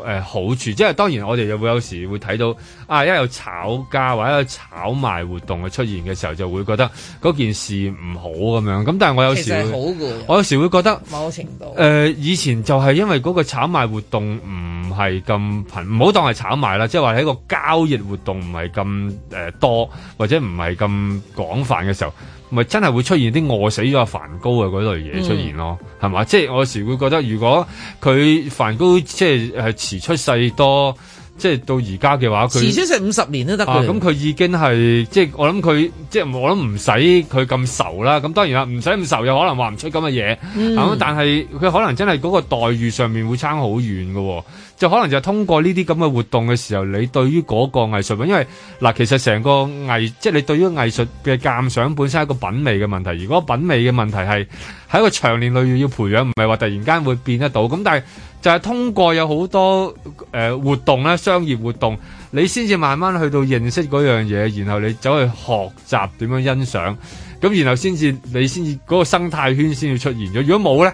誒好處，即係當然我哋又會有。時會睇到啊，一有炒家或者有炒賣活動嘅出現嘅時候，就會覺得嗰件事唔好咁樣。咁但係我有時，其實好嘅。我有時會覺得某程度，誒，以前就係因為嗰個炒賣活動唔係咁頻，唔好當係炒賣啦，即係話喺個交易活動唔係咁誒多，或者唔係咁廣泛嘅時候，咪真係會出現啲餓死咗梵高嘅嗰類嘢出現咯，係嘛？即係我有時會覺得，如果佢梵高即係誒遲出世多。即係到而家嘅話，佢至少食五十年都得㗎。啊，咁佢已經係即係我諗佢即係我諗唔使佢咁愁啦。咁當然啦，唔使咁愁又可能話唔出咁嘅嘢。但係佢可能真係嗰個待遇上面會差好遠嘅喎，哦。就可能就通過呢啲咁嘅活動嘅時候，你對於嗰個藝術品，因為嗱，其實成個藝即係你對於藝術嘅鑑賞本身係一個品味嘅問題。如果品味嘅問題係喺一個長年累月要培養，唔係話突然間會變得到。咁但係。就係通過有好多誒、呃、活動啦，商業活動，你先至慢慢去到認識嗰樣嘢，然後你走去學習點樣欣賞，咁然後先至你先至嗰個生態圈先至出現咗。如果冇呢？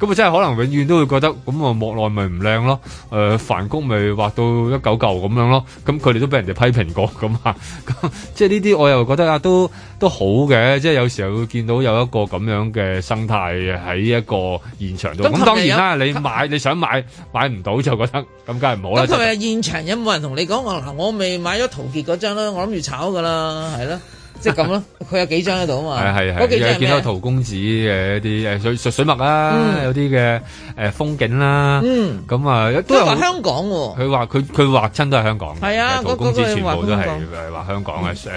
咁啊，真係可能永遠都會覺得，咁啊，莫奈咪唔靚咯，誒，梵谷咪畫到一嚿嚿咁樣咯，咁佢哋都俾人哋批評過，咁啊，即係呢啲我又覺得啊，都都好嘅，即係有時候會見到有一個咁樣嘅生態喺一個現場度。咁當、嗯嗯、然啦，啊、你買你想買買唔到就覺得咁，梗係唔好啦。咁係咪現場有冇人同你講話嗱？我未買咗陶傑嗰張啦，我諗住炒噶啦，係咯。 即係咁咯，佢有幾張喺度啊嘛，嗰幾張見到陶公子嘅一啲誒水麼水，水墨啦、啊，嗯、有啲嘅誒風景啦、啊，嗯，咁啊都係香港喎、啊。佢話佢佢畫親都係香港嘅，嗯、陶公子全部都係誒畫香港嘅誒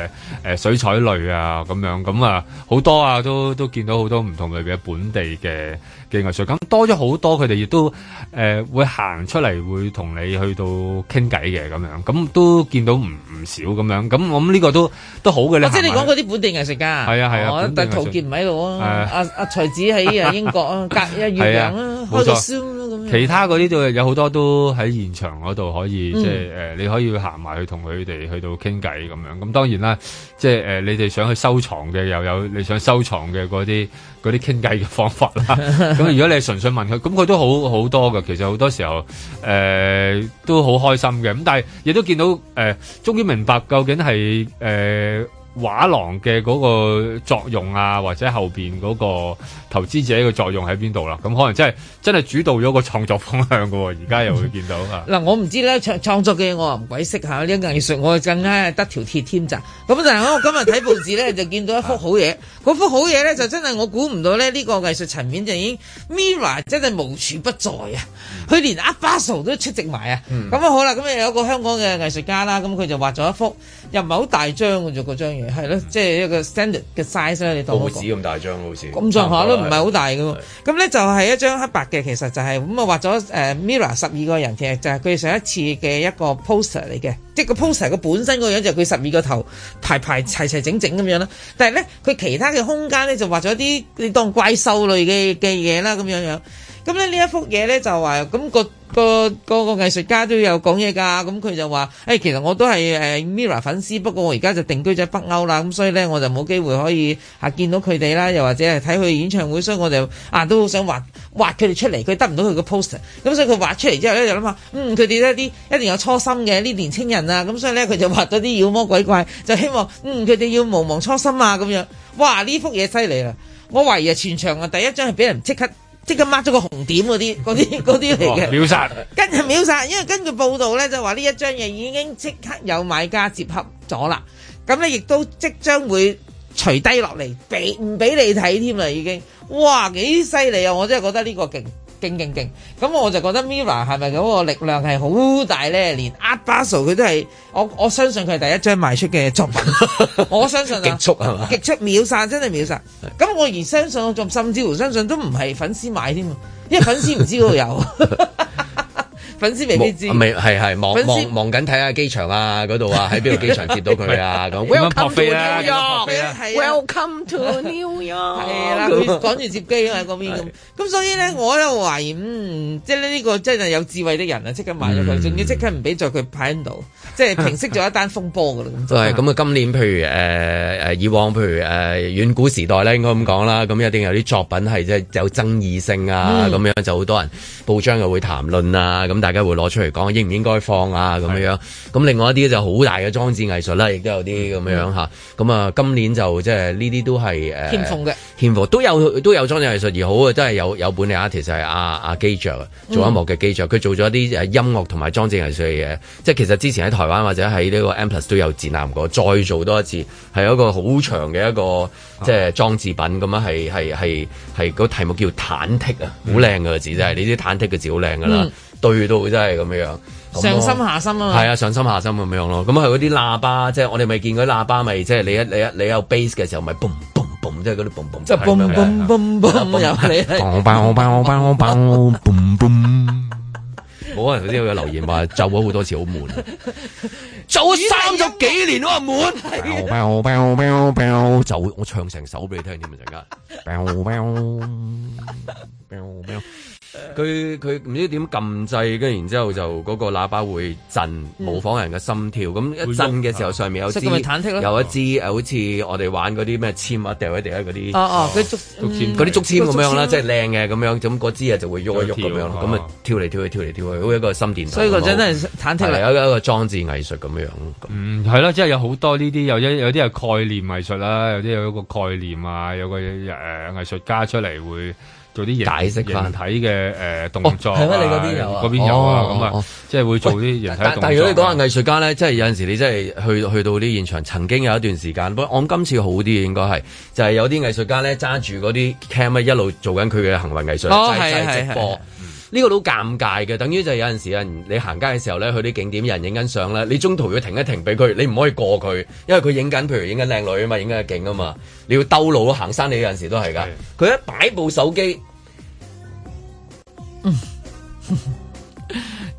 誒水彩類啊咁樣啊，咁啊好多啊都都見到好多唔同類別本地嘅。嘅外食咁多咗好多，佢哋亦都誒會行出嚟，會同你去到傾偈嘅咁樣，咁都見到唔唔少咁樣，咁我諗呢個都都好嘅咧。即係你講嗰啲本地藝術家，係啊係啊，但係陶傑唔喺度啊，阿阿徐子喺誒英國啊， 隔啊，月亮啊，冇、啊、How to 錯。其他嗰啲都有好多都喺現場嗰度可以、嗯、即係誒、呃，你可以行埋去同佢哋去到傾偈咁樣。咁、嗯、當然啦，即係誒、呃，你哋想去收藏嘅又有，有你想收藏嘅嗰啲啲傾偈嘅方法啦。咁 如果你純粹問佢，咁佢都好好多嘅。其實好多時候誒、呃、都好開心嘅。咁但係亦都見到誒、呃，終於明白究竟係誒。呃畫廊嘅嗰個作用啊，或者後邊嗰個投資者嘅作用喺邊度啦？咁、嗯、可能、就是、真係真係主導咗個創作方向噶、哦，而家又會見到、 嗯、啊！嗱，我唔知咧創創作嘅嘢，我唔鬼識吓，啲藝術我更加得條鐵添咋。咁、嗯、但係我今日睇報紙咧，就見到一幅好嘢。嗰、啊、幅好嘢咧，就真係我估唔到咧，呢個藝術層面就已經 Mirror 真係無處不在啊！佢連阿 Basel 都出席埋啊！咁啊、嗯、好啦，咁啊有一個香港嘅藝術家啦，咁佢就畫咗一幅。又唔係好大張嘅啫，嗰張嘢係咯，嗯、即係一個 standard 嘅 size 啦。你當紙、那、咁、個、大張好似咁上下都唔係好大嘅。咁咧、啊、就係一張黑白嘅，其實就係咁啊畫咗誒 Mira 十二個人嘅，就係、是、佢上一次嘅一個 poster 嚟嘅。即係個 poster 個本身個樣就係佢十二個頭排排齊齊整整咁樣啦。但係咧佢其他嘅空間咧就畫咗啲你當怪獸類嘅嘅嘢啦，咁樣樣。咁咧呢一幅嘢咧就話，咁、那個個個個藝術家都有講嘢噶，咁佢就話，誒、欸、其實我都係誒 MIRROR 粉絲，不過我而家就定居咗北歐啦，咁所以咧我就冇機會可以吓見到佢哋啦，又或者係睇佢演唱會，所以我就啊都好想畫畫佢哋出嚟，佢得唔到佢個 post，咁所以佢畫出嚟之後咧就諗下，嗯佢哋一啲一定有初心嘅啲年青人啊，咁所以咧佢就畫咗啲妖魔鬼怪，就希望嗯佢哋要毋忘初心啊咁樣，哇呢幅嘢犀利啦，我懷疑係全場啊第一張係俾人即刻。即刻抹咗個紅點嗰啲，啲啲嚟嘅秒殺，跟住秒殺，因為跟佢報道咧就話呢一張嘢已經即刻有買家接洽咗啦，咁咧亦都即將會除低落嚟，俾唔俾你睇添啦，已經哇幾犀利啊！我真係覺得呢個勁。勁勁勁！咁我就覺得 Mirror 係咪嗰個力量係好大咧？連 Art Basel 佢都係，我我相信佢係第一張賣出嘅作品。 我相信啊，極速係嘛？極速秒殺真係秒殺。咁我而相信我仲，甚至乎相信都唔係粉絲買添啊，因為粉絲唔知嗰度有。 粉絲未必知，咪係係望緊睇下機場啊嗰度啊，喺邊個機場接到佢啊咁，welcome to 紐約，welcome to 紐約，係啦，趕住接機喺嗰邊咁。咁所以咧，我又懷疑，嗯，即係呢個真係有智慧的人啊，即刻買咗佢，仲要即刻唔俾再佢派到，即係平息咗一單風波噶啦。咁，係咁啊！今年譬如誒誒以往譬如誒遠古時代咧，應該咁講啦，咁一定有啲作品係即係有爭議性啊，咁樣就好多人報章又會談論啊，咁但而家會攞出嚟講應唔應該放啊咁樣，咁的另外一啲就好大嘅裝置藝術啦，亦都有啲咁樣樣吓。咁啊、嗯嗯，今年就即係呢啲都係誒，填、呃、嘅，填縫都有都有裝置藝術而好 ist, 啊，都係有有本地 artist 係阿阿基爵做，幕基、嗯、做音樂嘅基爵，佢做咗啲音樂同埋裝置藝術嘅嘢。即係其實之前喺台灣或者喺呢個 M+ 都有展覽過，再做多一次係一個好長嘅一個即係裝置品咁啊，係係係係個題目叫忐忑啊，好靚嘅字真係，呢啲忐忑嘅字好靚噶啦。對到真係咁樣樣上心心、啊，上心下心啊嘛，係啊上心下心咁樣樣咯。咁啊嗰啲喇叭，即係我哋咪見嗰啲喇叭咪即係你一你一你有 bass 嘅時候咪 boom boom boom，即係嗰啲 boom boom，即係 boom boom boom boom 又係你。我我我我我 boom boom，冇可能嗰啲有留言話做咗好多次好悶，做咗三十幾年都話悶。我我唱成首俾你聽點樣先得。 佢佢唔知點撳掣，跟住然之後就嗰個喇叭會震，模仿人嘅心跳。咁一震嘅時候，上面有支有一支，好似我哋玩嗰啲咩簽啊，掉一掉一嗰啲啲竹簽，咁樣啦，即係靚嘅咁樣。咁嗰支啊就會喐一喐咁樣。咁啊跳嚟跳去，跳嚟跳去，好似一個心電圖。所以嗰真係忐忑啦，係一個裝置藝術咁樣。嗯，係咯，即係有好多呢啲，有有啲係概念藝術啦，有啲有一個概念啊，有個誒藝術家出嚟會。做啲大食形體嘅誒動作啊，嗰、哦、邊有啊，咁啊，即係會做啲形體動作。但係如果你講下藝術家咧，是即係有陣時你真係去去到啲現場，曾經有一段時間，不過我諗今次好啲嘅應該係，就係、是、有啲藝術家咧揸住嗰啲 cam 咧一路做緊佢嘅行為藝術，直播。是是是是是。呢個都好尷尬嘅，等於就係有陣時咧，你行街嘅時候咧，去啲景點有人影緊相咧，你中途要停一停俾佢，你唔可以過佢，因為佢影緊，譬如影緊靚女啊嘛，影緊個景啊嘛，你要兜路啊，行山你有陣時都係噶，佢的一擺部手機。嗯。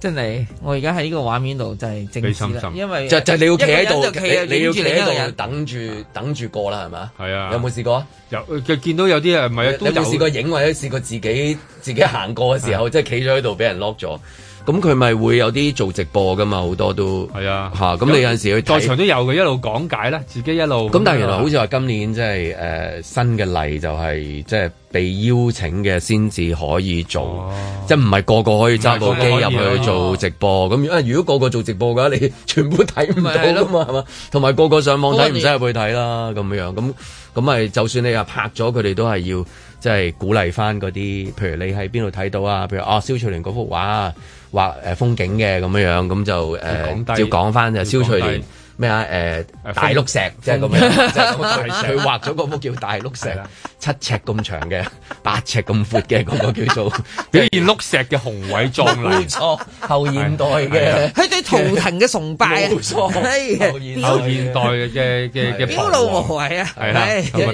真係，我而家喺呢個畫面度就係正視，因為就，就你要企喺度，你要企喺度等住等住過啦，係咪？係啊，啊有冇試過？有就見到有啲人唔係，你有冇試過影或者試過自己自己行過嘅時候， 啊、即係企咗喺度俾人 lock 咗。咁佢咪會有啲做直播噶嘛？好多都係啊，嚇！咁你有陣時去在場都有嘅，一路講解啦，自己一路。咁但係原來好似話今年即係誒新嘅例就係即係被邀請嘅先至可以做，即係唔係個個可以揸部機入去做直播？咁如果個個做直播嘅話，你全部睇唔到㗎嘛？係嘛？同埋個個上網睇唔使入去睇啦，咁樣咁咁咪就算你啊拍咗，佢哋都係要即係鼓勵翻嗰啲，譬如你喺邊度睇到啊？譬如啊，蕭翠蓮嗰幅畫啊。畫誒風景嘅咁樣樣，咁就誒、呃、照講翻就係肖翠蓮。咩啊？誒大碌石即係咁樣，佢畫咗嗰幅叫大碌石，七尺咁長嘅，八尺咁闊嘅嗰個叫做，表現碌石嘅雄偉壯麗。冇錯，後現代嘅，佢對圖騰嘅崇拜。冇錯，後現代嘅嘅嘅表露無遺啊！係啦，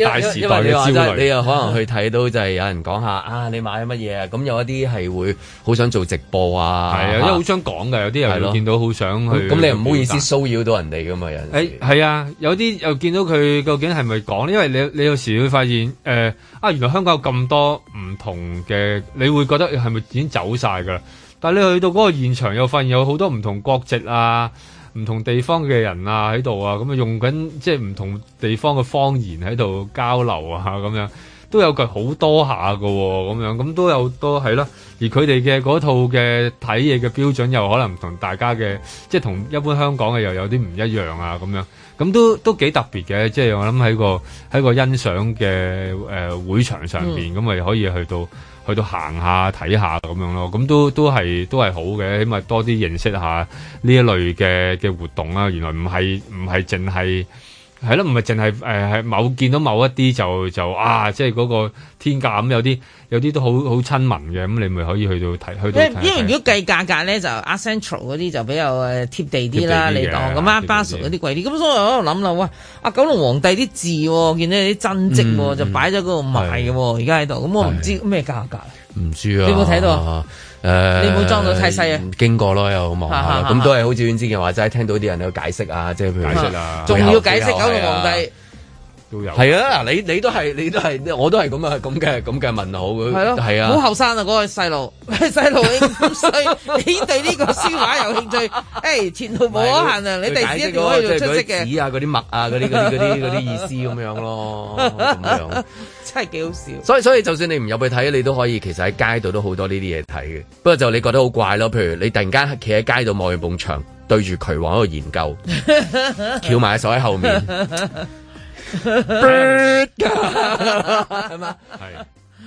大時代嘅焦慮。你又可能去睇到就係有人講下啊，你買咗乜嘢啊？咁有一啲係會好想做直播啊，係啊，因為好想講㗎，有啲人見到好想去，咁你唔好意思騷擾到人哋。咁啊！係啊，有啲又見到佢究竟係咪講？因為你你有時會發現誒、呃、啊，原來香港有咁多唔同嘅，你會覺得係咪已經走晒㗎啦？但係你去到嗰個現場，又發現有好多唔同國籍啊、唔同地方嘅人啊喺度啊，咁啊用緊即係唔同地方嘅方言喺度交流啊咁樣。都有句好多下嘅喎、哦，咁樣咁都有都係咯。而佢哋嘅嗰套嘅睇嘢嘅標準又可能同大家嘅，即係同一般香港嘅又有啲唔一樣啊咁樣。咁都都幾特別嘅，即係我諗喺個喺個欣賞嘅誒會場上邊咁咪可以去到去到行下睇下咁樣咯。咁都都係都係好嘅，起碼多啲認識下呢一類嘅嘅活動啦、啊。原來唔係唔係淨係。係咯，唔係淨係誒係某見到某一啲就就啊，即係嗰個天價咁、嗯，有啲有啲都好好親民嘅，咁、嗯、你咪可以去到睇去到，因為如果計價格咧，就、啊、Central 嗰啲就比較誒貼地啲啦，你當咁啊，Basel 嗰啲貴啲。咁所以我喺度諗啦，哇，啊九龍皇帝啲字，見到有啲真跡，嗯嗯、就擺咗嗰度賣嘅，而家喺度。咁我唔知咩價格。唔的知啊。你有冇睇到啊？誒，你唔好裝到太細啊？經過咯，又好忙啊，咁都係好似之前話齋，聽到啲人有解釋啊，即係譬如，仲要解釋九龍皇帝都有係啊！嗱，你你都係你都係，我都係咁啊，咁嘅咁嘅問號，係啊，好後生啊，嗰個細路，細路，你你對呢個書畫有興趣？誒，前途無可限量，你第時一定可以出色嘅？紙啊，嗰啲墨啊，嗰啲啲啲意思咁樣咯，咁樣。真係幾好笑，所以所以就算你唔入去睇，你都可以其實喺街度都好多呢啲嘢睇嘅。不過就你覺得好怪咯，譬如你突然間企喺街度望住埲牆，對住渠王喺度研究，翹埋手喺後面，係嘛？係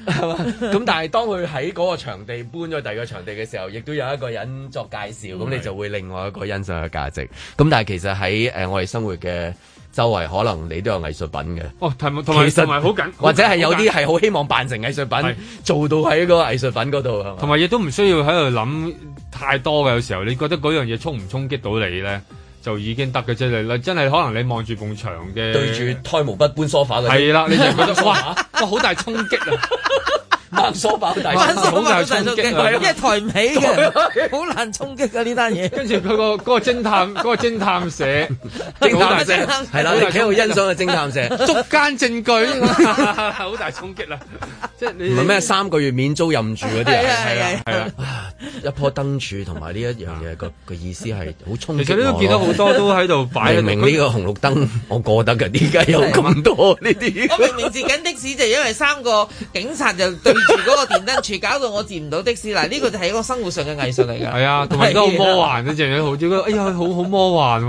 係嘛？咁但係當佢喺嗰個場地搬咗第二個場地嘅時候，亦都有一個人作介紹，咁你就會另外一個欣賞嘅價值。咁但係其實喺誒我哋生活嘅。周圍可能你都有藝術品嘅，哦，同埋同埋好緊，實或者係有啲係好希望扮成藝術品，是做到喺個藝術品嗰度。同埋亦都唔需要喺度諗太多嘅，有時候你覺得嗰樣嘢衝唔衝擊到你咧，就已經得嘅啫。你真係可能你望住埲牆嘅，對住胎毛筆搬梳化，係啦， 你就覺得哇，好 大衝擊啊！關鎖爆底，好大衝擊，因為抬唔起嘅，好難衝擊啊，呢單嘢。跟住佢個嗰個偵探，嗰個偵探社，偵探社係啦，你聽我欣賞嘅偵探社，捉姦證據，好大衝擊啦。即係唔係咩？三個月免租任住嗰啲啊，係啦，係啦。一樖燈柱同埋呢一樣嘢，個個意思係好衝擊我。你都見到好多都喺度擺明呢個紅綠燈，我過得嘅，點解有咁多呢啲？我明明截緊的士，就因為三個警察就對。住嗰個電燈柱，搞到我接唔到的士。嗱，呢個就係一個生活上嘅藝術嚟噶。係 啊，同埋都好魔幻，你樣樣好，覺得，哎呀，佢好好魔幻。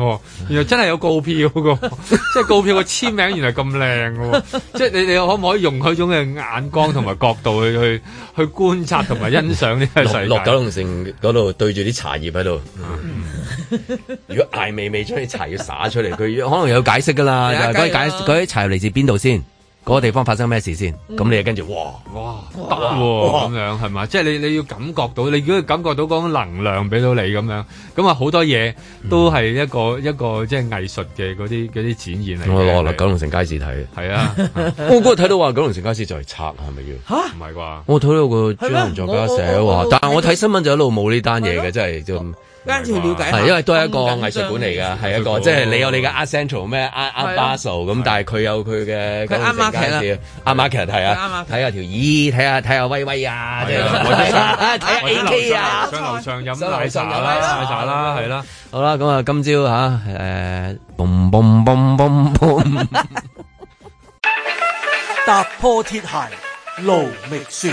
原來真係有告票噶， 即係告票個簽名原來咁靚噶。即係你你可唔可以用佢種嘅眼光同埋角度去去去觀察同埋欣賞呢，落九龍城嗰度對住啲茶葉喺度， 嗯，如果艾未未出啲茶葉灑出嚟，佢可能有解釋噶啦。又、嗯就是、解啲茶葉嚟自邊度先？嗰個地方發生咩事先？咁你又跟住，哇哇得喎！咁樣係咪？即係你你要感覺到，你如果感覺到嗰種能量俾到你咁樣，咁啊好多嘢都係一個一個即係藝術嘅嗰啲嗰啲展現嚟。我落落九龍城街市睇，係啊，我嗰日睇到話九龍城街市就係拆，係咪要？唔係啩？我睇到個專欄作家寫話，但係我睇新聞就一路冇呢單嘢嘅，真係咁。跟住去了解下、嗯。因為都一個藝術館嚟嘅，係一個即係、就是、你有你嘅 Art Central 咩？阿阿 Basel 咁，但係佢有佢嘅。佢阿媽睇啦，阿媽其實睇下，睇下條耳，睇下睇下威威啊，睇下 AK 啊，上樓上飲奶茶啦，奶茶啦，係啦。好啦，咁啊，今朝嚇誒，boom boom boom boom boom，踏破鐵鞋路未絕。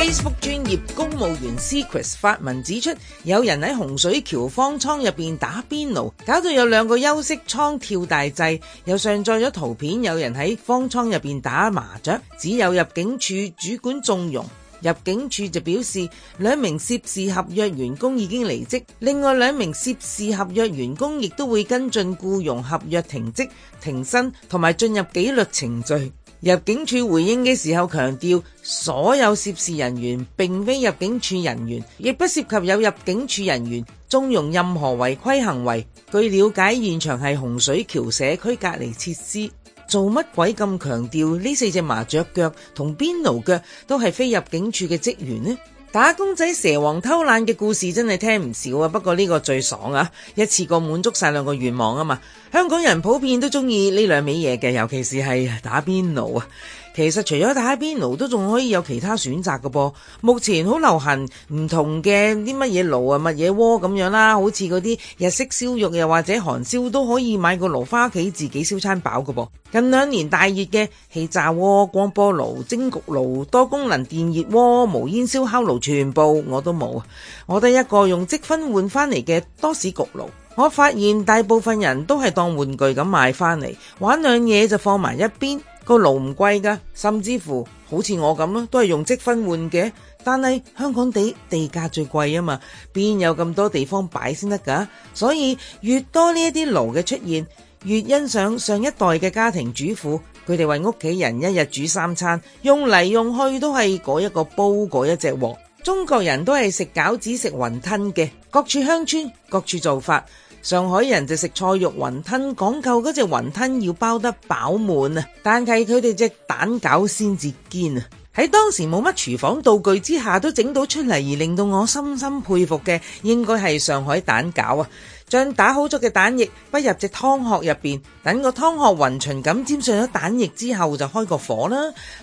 Facebook 專業公務員 Secrets 發文指出，有人喺洪水橋方艙入邊打邊爐，搞到有兩個休息艙跳大掣，又上載咗圖片，有人喺方艙入邊打麻雀。只有入境處主管縱容，入境處就表示兩名涉事合約員工已經離職，另外兩名涉事合約員工亦都會跟進僱傭合約停職、停薪同埋進入紀律程序。入境處回應嘅時候強調，所有涉事人員並非入境處人員，亦不涉及有入境處人員縱容任何違規行為。據了解，現場係洪水橋社區隔離設施，做乜鬼咁強調呢四隻麻雀腳同邊爐腳都係非入境處嘅職員呢？打工仔蛇王偷懶嘅故事真係聽唔少啊，不過呢個最爽啊，一次過滿足晒兩個願望啊嘛！香港人普遍都中意呢兩味嘢嘅，尤其是係打邊爐啊。其實除咗打邊爐，都仲可以有其他選擇嘅噃。目前好流行唔同嘅啲乜嘢爐啊、乜嘢鍋咁樣啦，好似嗰啲日式燒肉又或者韓燒都可以買個爐翻屋企自己燒餐飽嘅噃。近兩年大熱嘅氣炸鍋、光波爐、蒸焗爐、多功能電熱鍋、無煙燒烤爐，全部我都冇。我得一個用積分換翻嚟嘅多士焗爐。我發現大部分人都係當玩具咁買翻嚟玩兩嘢就放埋一邊。個爐唔貴噶，甚至乎好似我咁咯，都係用積分換嘅。但係香港地地價最貴啊嘛，邊有咁多地方擺先得噶？所以越多呢一啲爐嘅出現，越欣賞上一代嘅家庭主婦，佢哋為屋企人一日煮三餐，用嚟用去都係嗰一個煲，嗰一隻鑊。中國人都係食餃子、食雲吞嘅，各處鄉村各處做法。上海人就食菜肉雲吞，講究嗰隻雲吞要包得飽滿啊，但係佢哋隻蛋餃先至堅啊！喺當時冇乜廚房道具之下都整到出嚟，而令到我深深佩服嘅，應該係上海蛋餃啊！將打好咗嘅蛋液不入隻湯殼入邊，等個湯殼均匀咁沾上咗蛋液之後，就開個火啦。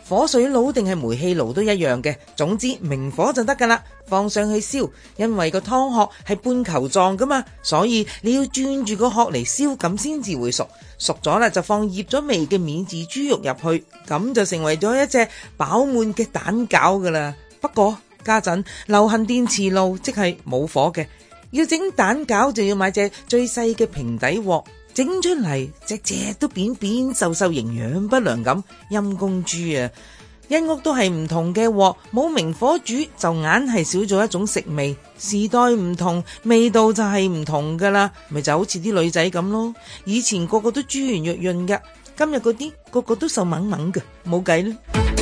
火水爐定係煤氣爐都一樣嘅，總之明火就得噶啦。放上去燒，因為個湯殼係半球狀噶嘛，所以你要轉住個殼嚟燒咁先至會熟。熟咗啦，就放醃咗味嘅免治豬肉入去，咁就成為咗一隻飽滿嘅蛋餃噶啦。不過家陣流行電磁爐，即係冇火嘅。要整蛋餃就要買隻最細嘅平底鑊，整出嚟，隻隻都扁扁瘦瘦，營養不良咁陰公豬啊！一屋都係唔同嘅鑊，冇明火煮就硬係少咗一種食味。時代唔同，味道就係唔同噶啦，咪就好似啲女仔咁咯。以前個個都珠圓玉潤噶，今日嗰啲個個都瘦猛猛噶，冇計啦。